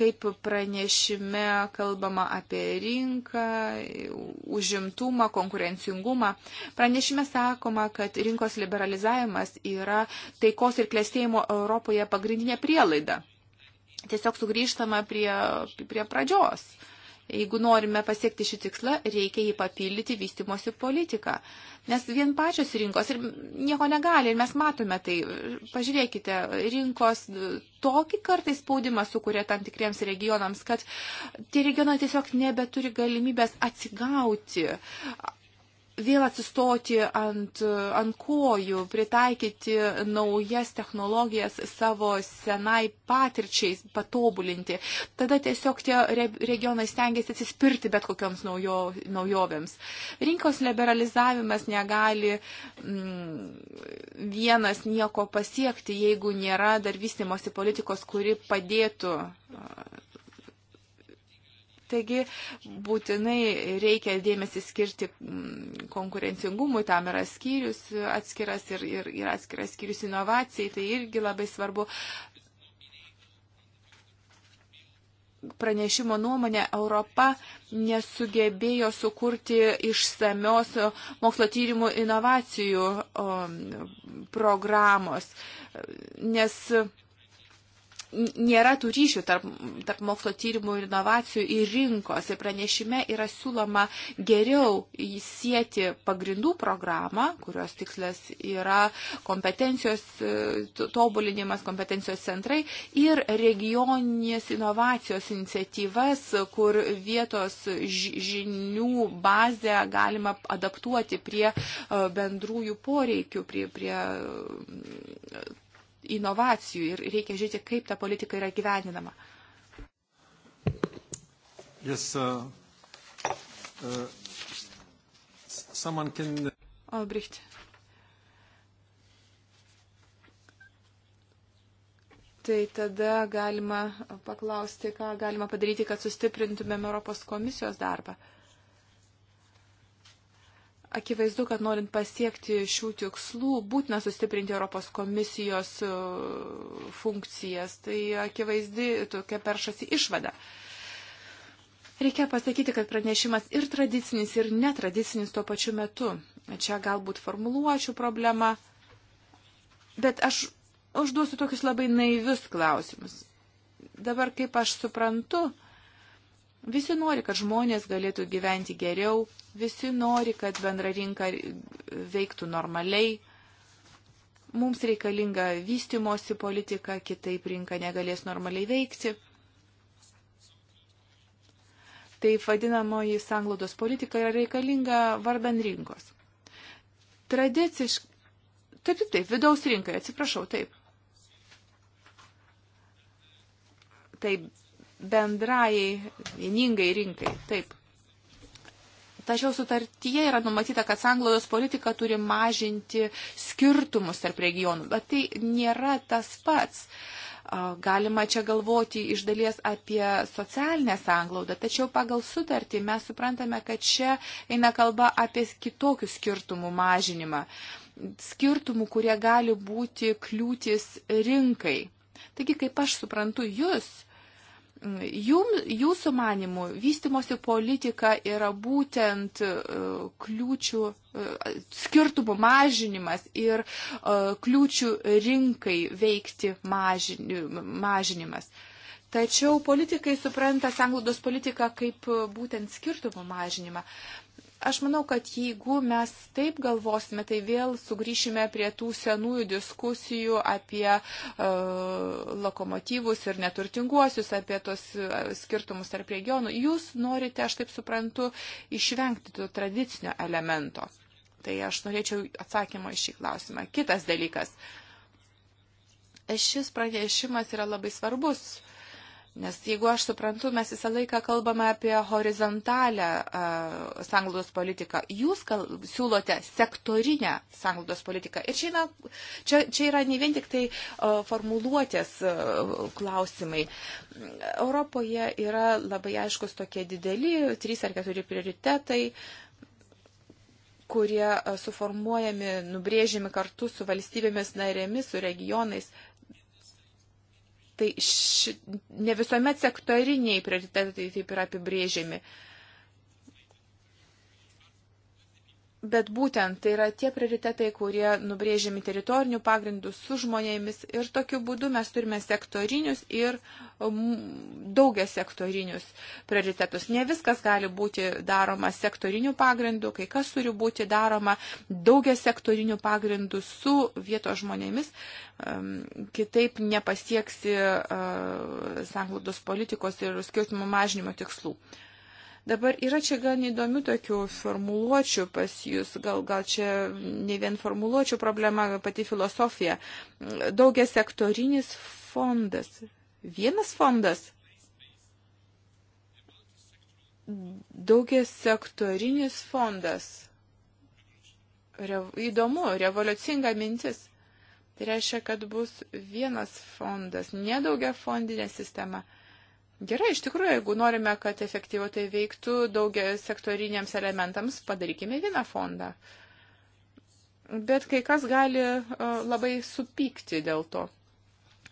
kaip pranešime kalbama apie rinką, užimtumą, konkurencingumą. Pranešime sakoma, kad rinkos liberalizavimas yra taikos ir klėstėjimo Europoje pagrindinė prielaida. Tiesiog sugrįžtama prie, prie pradžios. Uh, Jeigu norime pasiekti šį tikslą, reikia jį papildyti vystimosi politiką. Nes vien pačios rinkos ir nieko negali, ir mes matome tai. Pažiūrėkite, rinkos tokį kartą spaudimą sukuria tam tikriems regionams, kad tie regionai tiesiog nebeturi galimybės atsigauti, vėl atsistoti ant, ant kojų, pritaikyti naujas technologijas savo senai patirčiais, patobulinti. Tada tiesiog tie regionai stengiasi atsispirti bet kokioms naujo, naujovėms. Rinkos liberalizavimas negali mm, vienas nieko pasiekti, jeigu nėra dar vystimosi politikos, kuri padėtų Taigi būtinai reikia dėmesį skirti mm, konkurencingumui, tam yra skyrius atskiras ir, ir, ir atskiras skyrius inovacijai, tai irgi labai svarbu. Pranešimo nuomonė Europa nesugebėjo sukurti išsamios mokslo tyrimų inovacijų um, programos, nes nėra tų ryšių tarp, tarp mokslo tyrimų ir inovacijų ir rinkos. Ir pranešime yra siūloma geriau įsieti pagrindų programą, kurios tikslas yra kompetencijos e, tobulinimas, kompetencijos centrai ir regioninės inovacijos iniciatyvas, kur vietos žinių bazę galima adaptuoti prie e, bendrųjų poreikių, prie, prie inovacijų ir reikia žiūrėti, kaip ta politika yra gyveninama. Yes, uh, uh, can... Albrecht. Tai tada galima paklausti, ką galima padaryti, kad sustiprintumėm Europos komisijos darbą. Uh, Akivaizdu, kad norint pasiekti šių tikslų, būtina sustiprinti Europos komisijos e, funkcijas. Tai akivaizdi tokia peršasi išvada. Reikia pasakyti, kad pranešimas ir tradicinis, ir netradicinis tuo pačiu metu. Čia galbūt formuluočių problema, bet aš užduosiu tokius labai naivius klausimus. Dabar, kaip aš suprantu, uh, Visi nori, kad žmonės galėtų gyventi geriau, visi nori, kad bendra rinka veiktų normaliai. Mums reikalinga vystimosi politika, kitaip rinka negalės normaliai veikti. Taip vadinamoji sanglaudos politika yra reikalinga vardan rinkos. Tradiciškai. Taip, taip, taip, vidaus rinkai, atsiprašau, taip. Taip, bendrajai vieningai rinkai. Taip. Tačiau sutartyje yra numatyta, kad sanglaudos politika turi mažinti skirtumus tarp regionų, bet tai nėra tas pats. Galima čia galvoti iš dalies apie socialinę sanglaudą, tačiau pagal sutartį mes suprantame, kad čia eina kalba apie kitokių skirtumų mažinimą. Skirtumų, kurie gali būti kliūtis rinkai. Taigi, kaip aš suprantu, jūs Jum, jūsų manimų vystimosi politika yra būtent e, kliūčių e, skirtumų mažinimas ir e, kliūčių rinkai veikti mažinimas. Tačiau politikai supranta sanglaudos politiką kaip būtent skirtumų mažinimą. Aš manau, kad jeigu mes taip galvosime, tai vėl sugrįšime prie tų senųjų diskusijų apie uh, lokomotyvus ir neturtinguosius, apie tos e, skirtumus tarp regionų. Jūs norite, aš taip suprantu, išvengti to tradicinio elemento. Tai aš norėčiau atsakymą iš šį klausimą. Kitas dalykas. Šis pranešimas yra labai svarbus. Uh, Nes jeigu aš suprantu, mes visą laiką kalbame apie horizontalę uh, sanglaudos politiką. Jūs kal, siūlote sektorinę sanglaudos politiką. Ir čia, na, čia, čia yra ne vien tik tai uh, formuluotės uh, klausimai. Europoje yra labai aiškus tokie dideli, trys ar keturi prioritetai. Uh, kurie suformuojami, nubrėžiami kartu su valstybėmis narėmis, su regionais. Tai ši, ne visuomet sektoriniai prioritetai taip yra apibrėžiami. Uh, Bet būtent tai yra tie prioritetai, kurie nubrėžiami teritorinių pagrindų su žmonėmis ir tokiu būdu mes turime sektorinius ir daugia sektorinius prioritetus. Ne viskas gali būti daroma sektorinių pagrindų, kai kas turi būti daroma daugia sektorinių pagrindų su vietos žmonėmis, kitaip nepasieksi sanglaudos politikos ir skirtumų mažinimo tikslų. Dabar yra čia gan įdomių tokių formuluočių pas jūs, gal, gal čia ne vien formuluočių problema, pati filosofija. Daugia sektorinis fondas. Vienas fondas. Daugia sektorinis fondas. Re, įdomu, revoliucinga mintis. Tai reiškia, kad bus vienas fondas, nedaugia fondinė sistema. Uh, Gerai, iš tikrųjų, jeigu norime, kad efektyviau tai veiktų daugia sektoriniams elementams, padarykime vieną fondą. Bet kai kas gali e, labai supykti dėl to.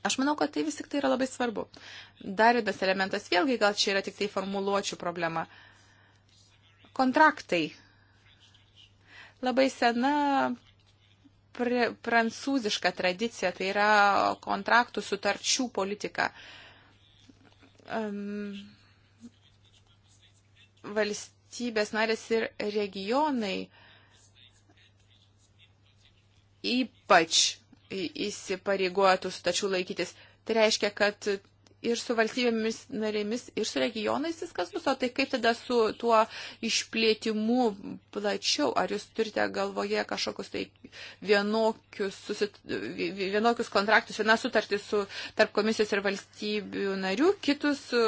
Aš manau, kad tai vis tik tai yra labai svarbu. Dar vienas elementas, vėlgi gal čia yra tik tai formuluočių problema. Kontraktai. Labai sena pr prancūziška tradicija, tai yra kontraktų sutarčių politika. Uh, um, valstybės narės ir regionai ypač įsipareigoja tų stačių laikytis. Tai reiškia, kad ir su valstybėmis narėmis, ir su regionais viskas bus, o tai kaip tada su tuo išplėtimu plačiau, ar jūs turite galvoje kažkokius tai vienokius, susit, vienokius kontraktus, vieną sutartį su tarp komisijos ir valstybių narių, kitus e,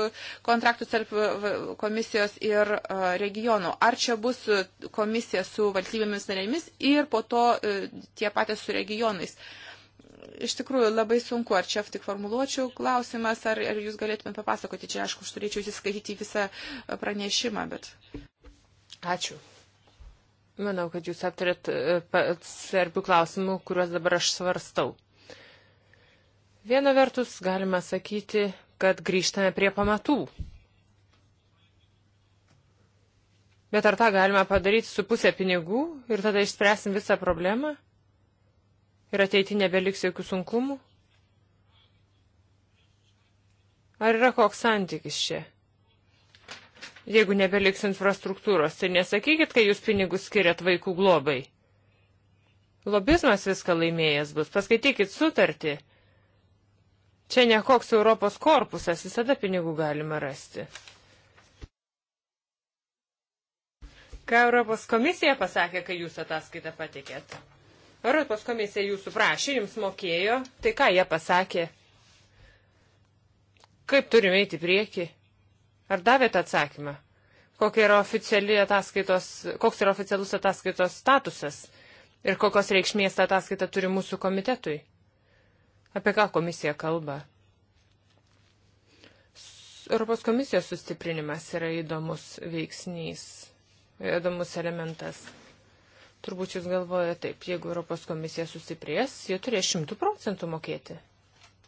kontraktus tarp e, komisijos ir e, regionų. Ar čia bus komisija su valstybėmis narėmis ir po to tie patys su regionais iš tikrųjų labai sunku, ar čia tik formuluočių klausimas, ar, ar jūs galėtumėt papasakoti, čia aišku, aš turėčiau įsiskaityti visą e, pranešimą, bet. Ačiū. Manau, kad jūs aptarėt e, svarbių klausimų, kuriuos dabar aš svarstau. Viena vertus, galima sakyti, kad grįžtame prie pamatų. Bet ar tą galima padaryti su pusė pinigų ir tada išspręsim visą problemą? ir ateiti nebeliks jokių sunkumų? Ar yra koks santykis čia? Jeigu nebeliks infrastruktūros, tai nesakykit, kai jūs pinigus skiriat vaikų globai. Lobizmas viską laimėjęs bus, paskaitykit sutartį. Čia ne koks Europos korpusas, visada pinigų galima rasti. Ką Europos komisija pasakė, kai jūs ataskaitą patikėt? Europos komisija jūsų prašė, jums mokėjo. Tai ką jie pasakė? Kaip turime eiti prieki? Ar davėte atsakymą? Kokia yra oficiali ataskaitos, koks yra oficialus ataskaitos statusas? Ir kokios reikšmės ta ataskaita turi mūsų komitetui? Apie ką komisija kalba? Europos komisijos sustiprinimas yra įdomus veiksnys, įdomus elementas. Turbūt jūs galvojate taip, jeigu Europos komisija sustiprės, jie turės šimtų procentų mokėti.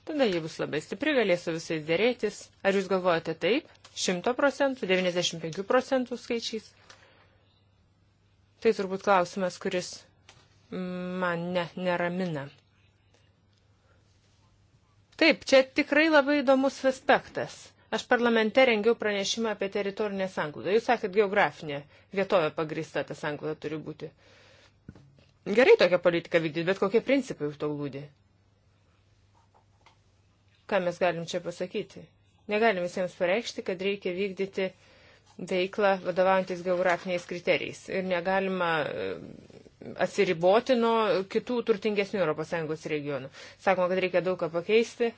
Tada jie bus labai stipri, galės su visais dėrėtis. Ar jūs galvojate taip, šimto procentų, 95 procentų skaičiais? Tai turbūt klausimas, kuris man ne, neramina. Taip, čia tikrai labai įdomus aspektas. Aš parlamente rengiau pranešimą apie teritorinę sanglaudą. Jūs sakėt, geografinė vietovė pagrįsta ta sanglauda turi būti. Uh, Gerai tokią politiką vykdyti, bet kokie principai už to glūdi? Ką mes galim čia pasakyti? Negalim visiems pareikšti, kad reikia vykdyti veiklą vadovaujantis geografiniais kriterijais. Ir negalima e, atsiriboti nuo kitų turtingesnių ES regionų. Sakoma, kad reikia daug ką pakeisti,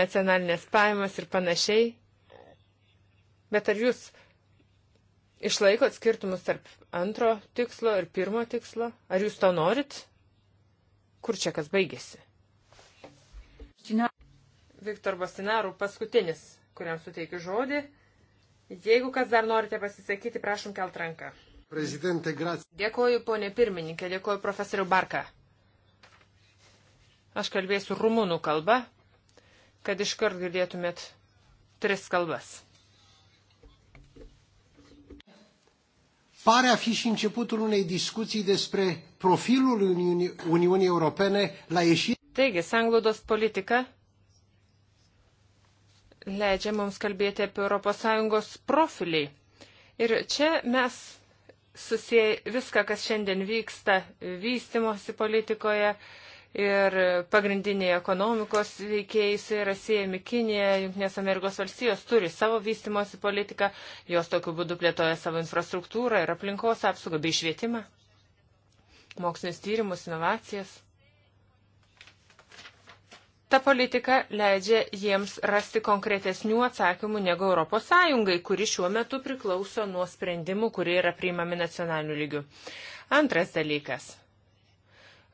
nacionalinės pajamas ir panašiai. Bet ar jūs išlaikot skirtumus tarp antro tikslo ir pirmo tikslo? Ar jūs to norit? Kur čia kas baigėsi? Viktor Bastinarų paskutinis, kuriam suteikiu žodį. Jeigu kas dar norite pasisakyti, prašom kelt ranką. Prezidentė, gracija. Dėkoju, ponė pirmininkė, dėkoju profesoriu Barka. Aš kalbėsiu rumunų kalbą, kad iškart girdėtumėt tris kalbas. pare a fi și începutul unei discuții despre profilul Uniunii, Uniunii Europene la ieșire. Taigi, sanglaudos politika leidžia mums kalbėti apie ES profilį. Ir čia mes susiję viską, kas šiandien vyksta vystimosi politikoje, uh, ir pagrindiniai ekonomikos veikėjai jisai yra siejami Kinija, Junktinės Amerikos valstijos turi savo vystimosi politiką, jos tokiu būdu plėtoja savo infrastruktūrą ir aplinkos apsaugą bei švietimą, mokslinius tyrimus, inovacijas. Ta politika leidžia jiems rasti konkretesnių atsakymų negu ES, kuri šiuo metu priklauso nuo sprendimų, kurie yra priimami nacionaliniu lygiu. Antras dalykas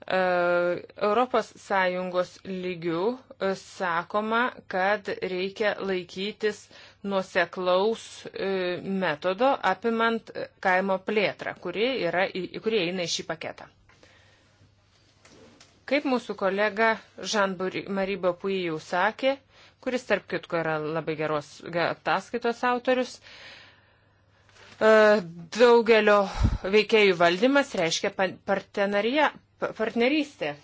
ES lygių e, sakoma, kad reikia laikytis nuoseklaus e, metodo apimant kaimo plėtrą, kurie, yra, kurie eina į šį paketą. Kaip mūsų kolega Žan-Marie Bapui jau sakė, kuris tarp kitko yra labai geros ataskaitos autorius, e, daugelio veikėjų valdymas reiškia partenaria, partnerystė.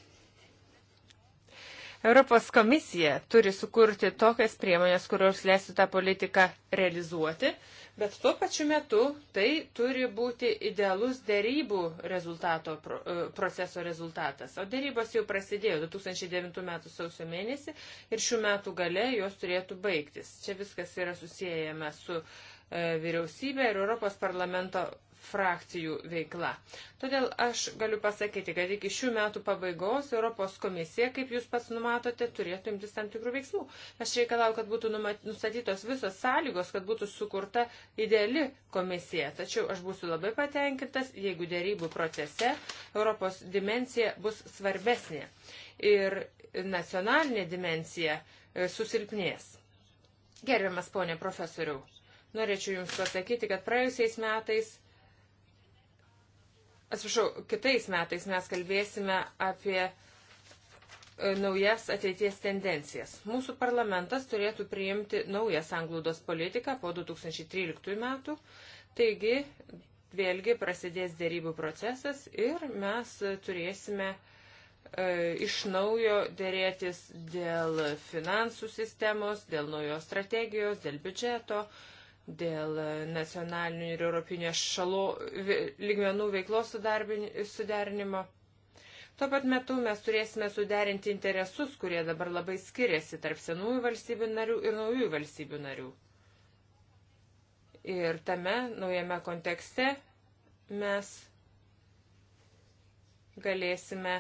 Europos komisija turi sukurti tokias priemonės, kurios leistų tą politiką realizuoti, bet tuo pačiu metu tai turi būti idealus dėrybų rezultato, e, proceso rezultatas. O dėrybos jau prasidėjo 2009 m. sausio mėnesį ir šių metų gale jos turėtų baigtis. Čia viskas yra susijęjama su e, vyriausybė ir Europos parlamento frakcijų veikla. Todėl aš galiu pasakyti, kad iki šių metų pabaigos Europos komisija, kaip jūs pats numatote, turėtų imtis tam tikrų veiksmų. Aš reikalau, kad būtų nustatytos visos sąlygos, kad būtų sukurta ideali komisija. Tačiau aš būsiu labai patenkintas, jeigu dėrybų procese Europos dimencija bus svarbesnė ir nacionalinė dimencija e, susilpnės. Gerbiamas ponė profesoriau, norėčiau Jums pasakyti, kad praėjusiais metais atsiprašau, kitais metais mes kalbėsime apie e, naujas ateities tendencijas. Mūsų parlamentas turėtų priimti naują sanglaudos politiką po 2013 metų, taigi vėlgi prasidės dėrybų procesas ir mes turėsime e, iš naujo dėrėtis dėl finansų sistemos, dėl naujos strategijos, dėl biudžeto, e, dėl nacionalinių ir europinio šalų lygmenų veiklos suderinimo. Tuo pat metu mes turėsime suderinti interesus, kurie dabar labai skiriasi tarp senųjų valstybių narių ir naujųjų valstybių narių. Ir tame naujame kontekste mes galėsime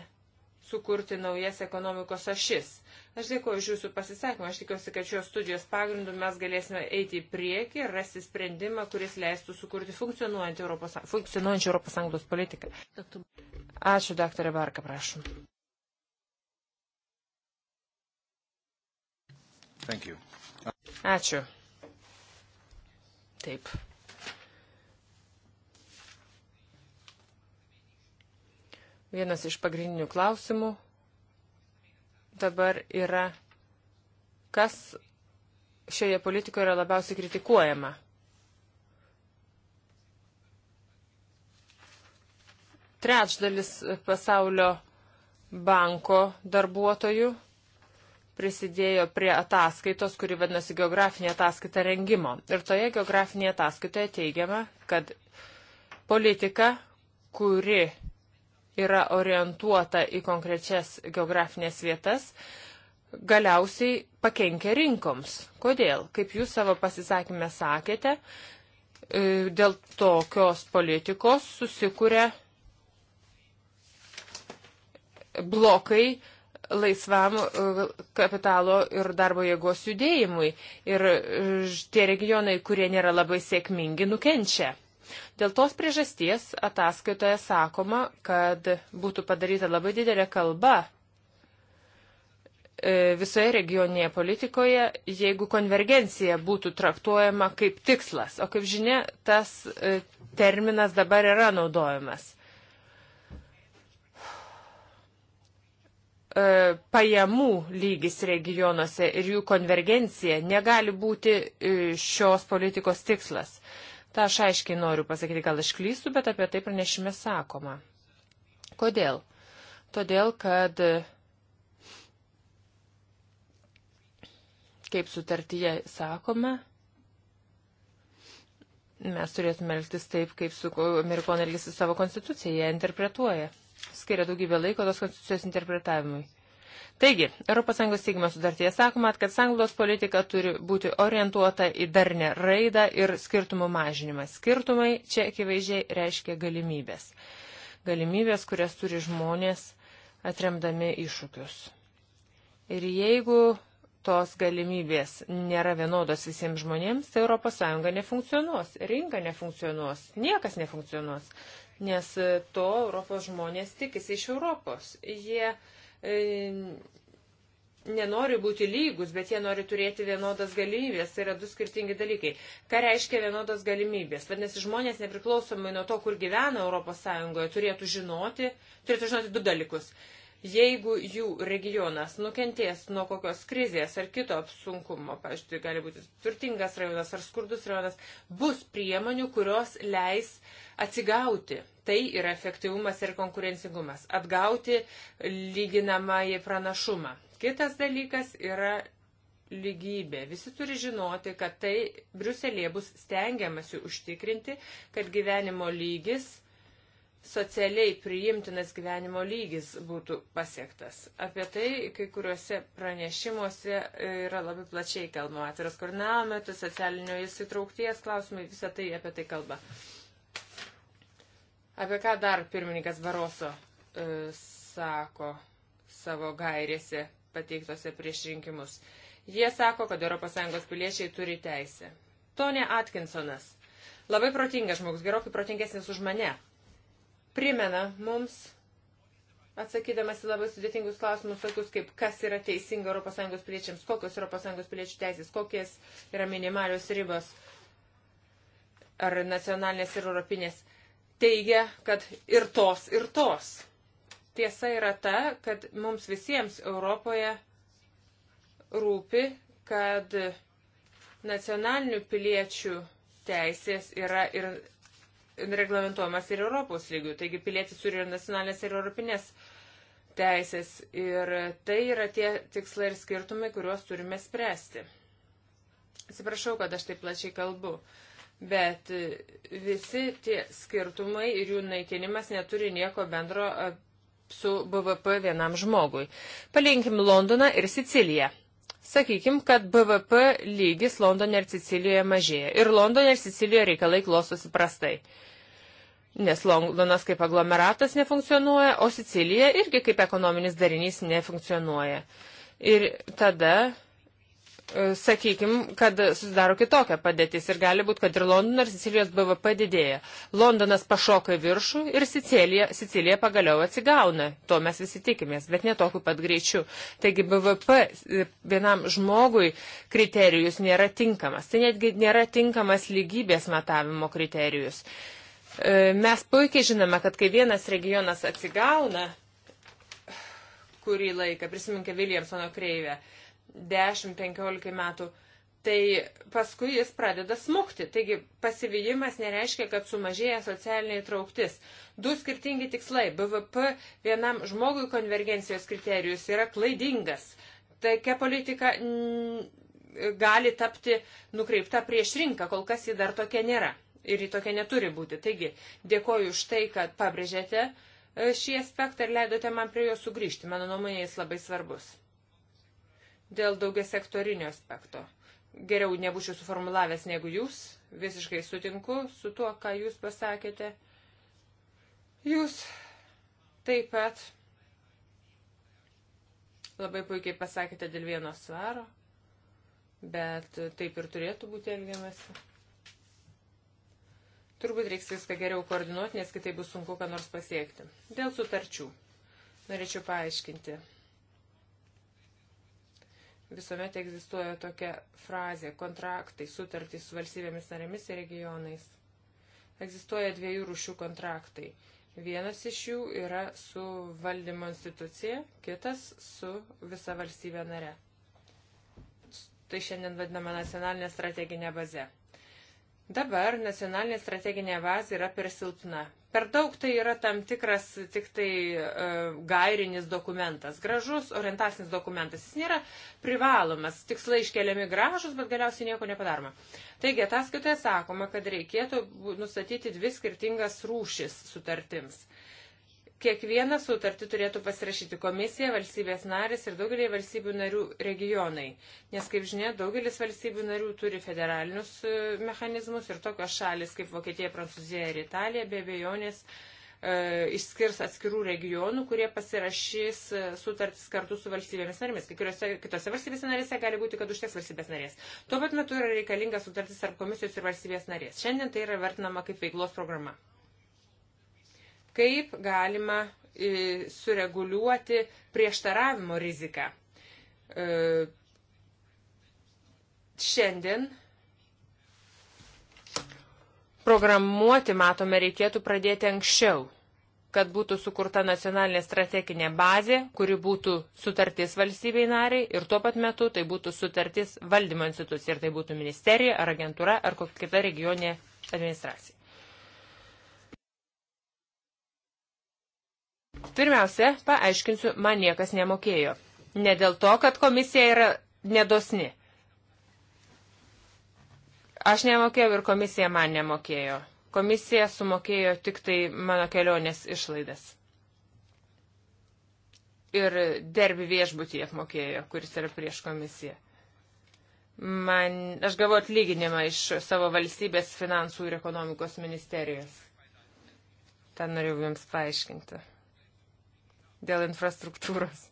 sukurti naujas ekonomikos ašis. Aš dėkuoju iš jūsų pasisakymą. Aš tikiuosi, kad šios studijos pagrindų mes galėsime eiti į priekį ir rasti sprendimą, kuris leistų sukurti funkcionuojančią Europos, funkcionuojant Europos Sąjungos politiką. Ačiū, daktarė Barka, prašom. Ačiū. Taip. Vienas iš pagrindinių klausimų dabar yra, kas šioje politikoje yra labiausiai kritikuojama. Trečdalis pasaulio banko darbuotojų prisidėjo prie ataskaitos, kuri vadinasi geografinė ataskaita rengimo. Ir toje geografinėje ataskaitoje teigiama, kad politika, kuri yra orientuota į konkrečias geografinės vietas, galiausiai pakenkia rinkoms. Kodėl? Kaip jūs savo pasisakymę sakėte, e, dėl tokios politikos susikuria blokai laisvam e, kapitalo ir darbo jėgos judėjimui. Ir e, tie regionai, kurie nėra labai sėkmingi, nukenčia. Dėl tos priežasties ataskaitoje sakoma, kad būtų padaryta labai didelė kalba e, visoje regioninėje politikoje, jeigu konvergencija būtų traktuojama kaip tikslas. O kaip žinia, tas e, terminas dabar yra naudojamas. E, pajamų lygis regionuose ir jų konvergencija negali būti šios politikos tikslas. Ta aš aiškiai noriu pasakyti, gal aš klystu, bet apie tai pranešime sakoma. Kodėl? Todėl, kad kaip sutartyje sakome, mes turėtume elgtis taip, kaip su amerikonai elgesi savo konstituciją, jie interpretuoja. Skiria daugybę laiko tos konstitucijos interpretavimui. Taigi, ES steigimo sutartyje sakoma, kad sanglos politika turi būti orientuota į darnę raidą ir skirtumų mažinimą. Skirtumai čia akivaizdžiai reiškia galimybės. Galimybės, kurias turi žmonės atremdami iššūkius. Ir jeigu tos galimybės nėra vienodos visiems žmonėms, tai ES nefunkcionuos, rinka nefunkcionuos, niekas nefunkcionuos, nes to Europos žmonės tikisi iš Europos. Jie E, nenori būti lygus, bet jie nori turėti vienodas galimybės. Tai yra du skirtingi dalykai. Ką reiškia vienodas galimybės? Vadinasi, žmonės nepriklausomai nuo to, kur gyvena ES, turėtų žinoti, turėtų žinoti du dalykus. Jeigu jų regionas nukentės nuo kokios krizės ar kito apsunkumo, pavyzdžiui, tai gali būti turtingas rajonas ar skurdus rajonas, bus priemonių, kurios leis atsigauti. Tai yra efektyvumas ir konkurencingumas. Atgauti lyginamąjį pranašumą. Kitas dalykas yra lygybė. Visi turi žinoti, kad tai Briuselėje bus stengiamasi užtikrinti, kad gyvenimo lygis socialiai priimtinas gyvenimo lygis būtų pasiektas. Apie tai kai kuriuose pranešimuose yra labai plačiai kalbama. Atviras koordinavimo metu, socialinio įsitraukties klausimai, visą tai apie tai kalba. Apie ką dar pirmininkas Baroso e, sako savo gairėse pateiktose prieš rinkimus. Jie sako, kad ES piliečiai turi teisę. Tonė Atkinsonas. Labai protingas žmogus, gerokai protingesnis už mane primena mums, atsakydamas į labai sudėtingus klausimus, tokius kaip kas yra teisinga ES piliečiams, kokios ES piliečių teisės, kokios yra minimalios ribos ar nacionalinės ir europinės, teigia, kad ir tos, ir tos. Tiesa yra ta, kad mums visiems Europoje rūpi, kad nacionalinių piliečių teisės yra ir reglamentuojamas ir Europos lygių. Taigi pilietis turi ir nacionalinės, ir europinės teisės. Ir tai yra tie tikslai ir skirtumai, kuriuos turime spręsti. Atsiprašau, kad aš taip plačiai kalbu. Bet visi tie skirtumai ir jų naikinimas neturi nieko bendro su BVP vienam žmogui. Palinkim Londoną ir Siciliją. Sakykim, kad BVP lygis Londone ir Sicilijoje mažėja. Ir Londone ir Sicilijoje reikalai klostosi prastai. Nes Londonas kaip aglomeratas nefunkcionuoja, o Sicilija irgi kaip ekonominis darinys nefunkcionuoja. Ir tada E, sakykim, kad susidaro kitokia padėtis ir gali būti, kad ir Londono ir Sicilijos BVP didėja. Londonas pašoka į viršų ir Sicilija, Sicilija pagaliau atsigauna. To mes visi tikimės, bet ne tokiu pat greičiu. Taigi BVP e, vienam žmogui kriterijus nėra tinkamas. Tai netgi nėra tinkamas lygybės matavimo kriterijus. E, mes puikiai žinome, kad kai vienas regionas atsigauna kurį laiką, prisiminkė Williamsono kreivę, 10-15 metų, tai paskui jis pradeda smukti. Taigi pasivyjimas nereiškia, kad sumažėja socialinė trauktis. Du skirtingi tikslai. BVP vienam žmogui konvergencijos kriterijus yra klaidingas. Tokia politika gali tapti nukreipta prieš rinką, kol kas ji dar tokia nėra ir ji tokia neturi būti. Taigi, dėkoju už tai, kad pabrėžėte šį aspektą ir leidote man prie jo sugrįžti. Mano nuomonė jis labai svarbus dėl daugia sektorinio aspekto. Geriau nebūčiau suformulavęs negu jūs, visiškai sutinku su tuo, ką jūs pasakėte. Jūs taip pat labai puikiai pasakėte dėl vieno svaro, bet taip ir turėtų būti elgiamasi. Turbūt reiks viską geriau koordinuoti, nes kitaip bus sunku ką nors pasiekti. Dėl sutarčių. Norėčiau paaiškinti visuomet egzistuoja tokia frazė - kontraktai, sutartys su valstybėmis narėmis ir regionais. Egzistuoja dviejų rušių kontraktai. Vienas iš jų yra su valdymo institucija, kitas su visa valstybė nare. Tai šiandien vadinama nacionalinė strateginė bazė. Dabar nacionalinė strateginė bazė yra per silpna. Per daug tai yra tam tikras tik tai uh, gairinis dokumentas, gražus orientacinis dokumentas. Jis nėra privalomas, tikslai iškeliami gražus, bet galiausiai nieko nepadaroma. Taigi, ataskaitoje sakoma, kad reikėtų nustatyti dvi skirtingas rūšis sutartims. Uh, Kiekvieną sutartį turėtų pasirašyti komisija, valstybės narės ir daugelį valstybių narių regionai, nes, kaip žinia, daugelis valstybių narių turi federalinius e, mechanizmus ir tokios šalis kaip Vokietija, Prancūzija ir Italija be abejonės e, išskirs atskirų regionų, kurie pasirašys e, sutartis kartu su valstybėmis narėmis. Kai kuriuose kitose valstybėse narėse gali būti, kad užteks valstybės narės. Tuo pat metu yra reikalinga sutartis tarp komisijos ir valstybės narės. Šiandien tai yra vertinama kaip veiklos programa kaip galima e, sureguliuoti prieštaravimo riziką. E, šiandien programuoti, matome, reikėtų pradėti anksčiau, kad būtų sukurta nacionalinė strateginė bazė, kuri būtų sutartis valstybei nariai ir tuo pat metu tai būtų sutartis valdymo institucija, ir tai būtų ministerija ar agentūra ar kokia kita regioninė administracija. Pirmiausia, paaiškinsiu, man niekas nemokėjo. Ne dėl to, kad komisija yra nedosni. Aš nemokėjau ir komisija man nemokėjo. Komisija sumokėjo tik tai mano kelionės išlaidas. Ir derbi viešbutį apmokėjo, kuris yra prieš komisiją. Man, aš gavau atlyginimą iš savo valstybės finansų ir ekonomikos ministerijos. Ten norėjau jums paaiškinti dėl infrastruktūros.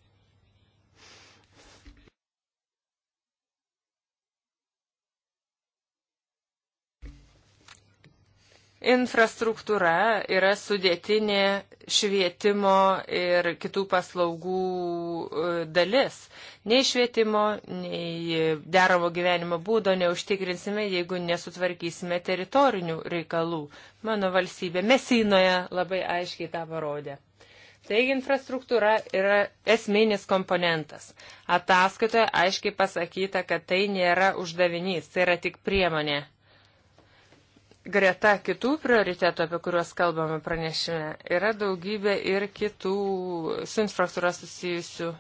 Infrastruktūra yra sudėtinė švietimo ir kitų paslaugų e, dalis. Nei švietimo, nei deramo gyvenimo būdo neužtikrinsime, jeigu nesutvarkysime teritorinių reikalų. Mano valstybė Mesinoje labai aiškiai tą parodė. Taigi infrastruktūra yra esminis komponentas. Ataskaitoje aiškiai pasakyta, kad tai nėra uždavinys, tai yra tik priemonė. Greta kitų prioritetų, apie kuriuos kalbame pranešime, yra daugybė ir kitų su infrastruktūra susijusių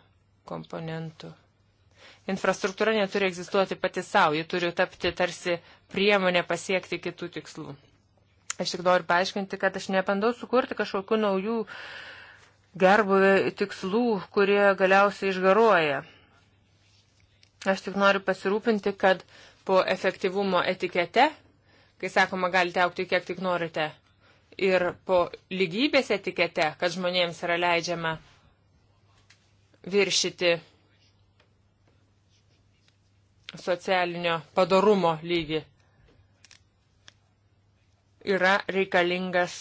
komponentų. Infrastruktūra neturi egzistuoti pati savo, ji turi tapti tarsi priemonė pasiekti kitų tikslų. Aš tik noriu paaiškinti, kad aš nebandau sukurti kažkokių naujų uh, gerbuvė tikslų, kurie galiausiai išgaruoja. Aš tik noriu pasirūpinti, kad po efektyvumo etikete, kai sakoma, galite aukti kiek tik norite, ir po lygybės etikete, kad žmonėms yra leidžiama viršyti socialinio padarumo lygį, yra reikalingas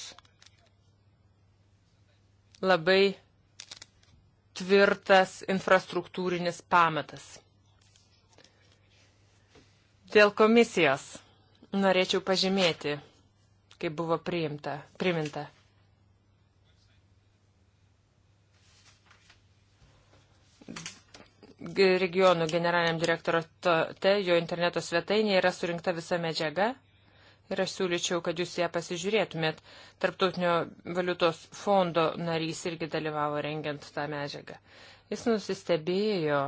labai tvirtas infrastruktūrinis pamatas. Dėl komisijos norėčiau pažymėti, kaip buvo priimta, priminta. Regionų generaliniam direktorate jo interneto svetainėje yra surinkta visa medžiaga ir aš siūlyčiau, kad jūs ją pasižiūrėtumėt. Tarptautinio valiutos fondo narys irgi dalyvavo rengiant tą medžiagą. Jis nusistebėjo,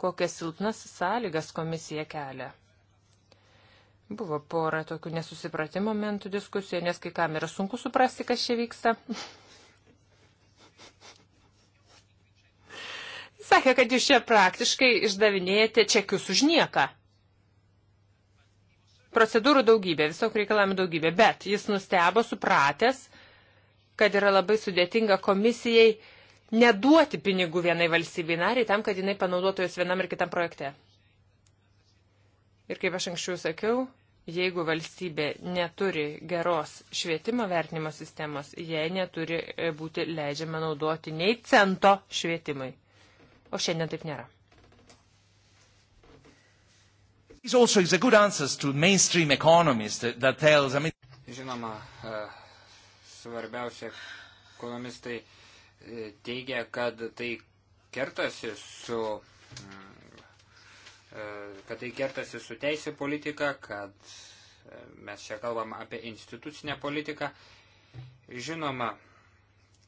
kokias silpnas sąlygas komisija kelia. Buvo pora tokių nesusipratimo momentų diskusijoje, nes kai kam yra sunku suprasti, kas čia vyksta. Sakė, kad jūs čia praktiškai išdavinėjate čekius už nieką. Procedūrų daugybė, visokių reikalavimų daugybė, bet jis nustebo, supratęs, kad yra labai sudėtinga komisijai neduoti pinigų vienai valstybei nariai tam, kad jinai panaudotų juos vienam ir kitam projekte. Ir kaip aš anksčiau sakiau, jeigu valstybė neturi geros švietimo vertinimo sistemos, jai neturi būti leidžiama naudoti nei cento švietimui. O šiandien taip nėra. Also is a good answers to mainstream economists that, that tells, I mean... Žinoma, e, svarbiausia, ekonomistai e, teigia, kad tai kertasi su mm, e, kad tai kertasi su teisė politika, kad mes čia kalbam apie institucinę politiką. Žinoma,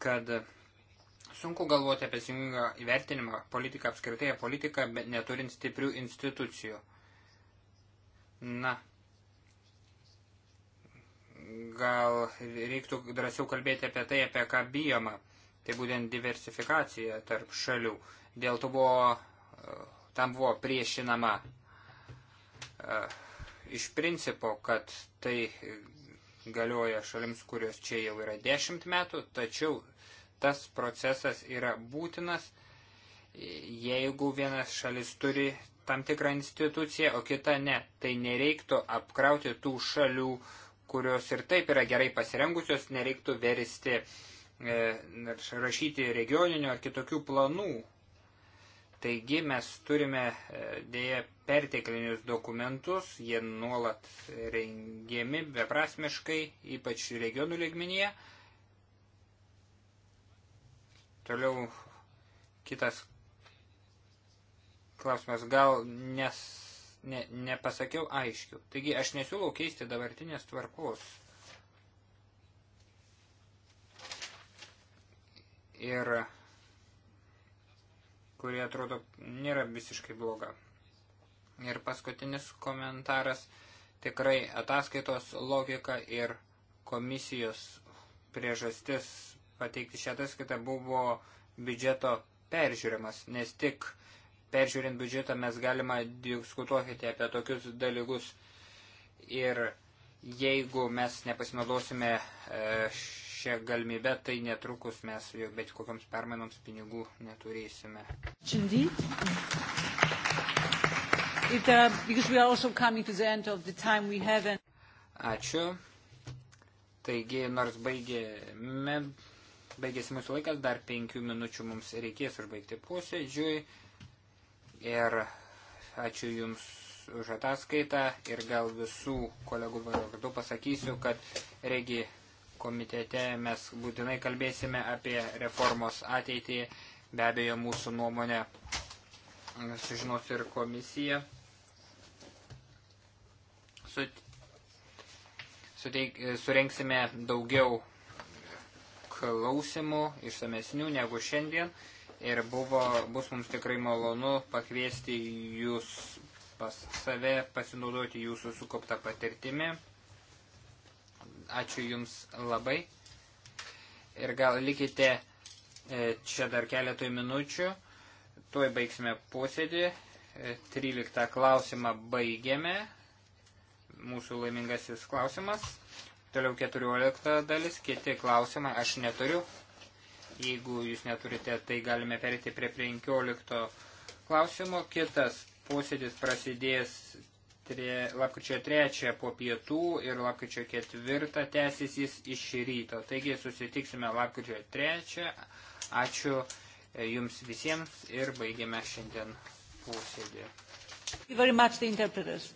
kad sunku galvoti apie sėkmingą įvertinimą politiką apskritai, politiką, bet neturint stiprių institucijų. Na, gal reiktų drąsiau kalbėti apie tai, apie ką bijoma. Tai būtent diversifikacija tarp šalių. Dėl to buvo, e, tam buvo priešinama e, iš principo, kad tai galioja šalims, kurios čia jau yra dešimt metų, tačiau tas procesas yra būtinas, jeigu vienas šalis turi tam tikrą instituciją, o kita ne. Tai nereiktų apkrauti tų šalių, kurios ir taip yra gerai pasirengusios, nereiktų veristi, e, rašyti regioninių ar kitokių planų. Taigi mes turime e, dėja perteklinius dokumentus, jie nuolat rengiami beprasmiškai, ypač regionų lygmenyje. Toliau kitas klausimas gal nes, ne, nepasakiau aiškiau. Taigi aš nesiūlau keisti dabartinės tvarkos. Ir kurie atrodo nėra visiškai bloga. Ir paskutinis komentaras tikrai ataskaitos logika ir komisijos priežastis pateikti šią ataskaitą buvo biudžeto peržiūrimas, nes tik peržiūrint biudžetą mes galima diskutuoti apie tokius dalykus ir jeigu mes nepasinaudosime e, šią galimybę, tai netrukus mes bet kokiams permainoms pinigų neturėsime. Indeed. It, uh, because we are also coming to the end of the time we have. And... Ačiū. Taigi, nors baigėme, baigėsi mūsų laikas, dar penkių minučių mums reikės užbaigti posėdžiui ir ačiū Jums už ataskaitą ir gal visų kolegų vardu pasakysiu, kad regi komitete mes būtinai kalbėsime apie reformos ateitį, be abejo mūsų nuomonę sužinos ir komisija. Suteik, surenksime daugiau klausimų išsamesnių negu šiandien ir buvo, bus mums tikrai malonu pakviesti jūs pas save, pasinaudoti jūsų sukauptą patirtimį. Ačiū Jums labai. Ir gal likite e, čia dar keletoj minučių. Tuoj baigsime posėdį. 13 e, klausimą baigiame. Mūsų laimingasis klausimas. Toliau 14 dalis. Kiti klausimai aš neturiu. Jeigu jūs neturite, tai galime perėti prie 15 klausimo. Kitas posėdis prasidės tre, lapkričio 3 po pietų ir lapkričio 4 tęsis jis iš ryto. Taigi susitiksime lapkričio 3. Ačiū e, Jums visiems ir baigiame šiandien posėdį. Very much the interpreters.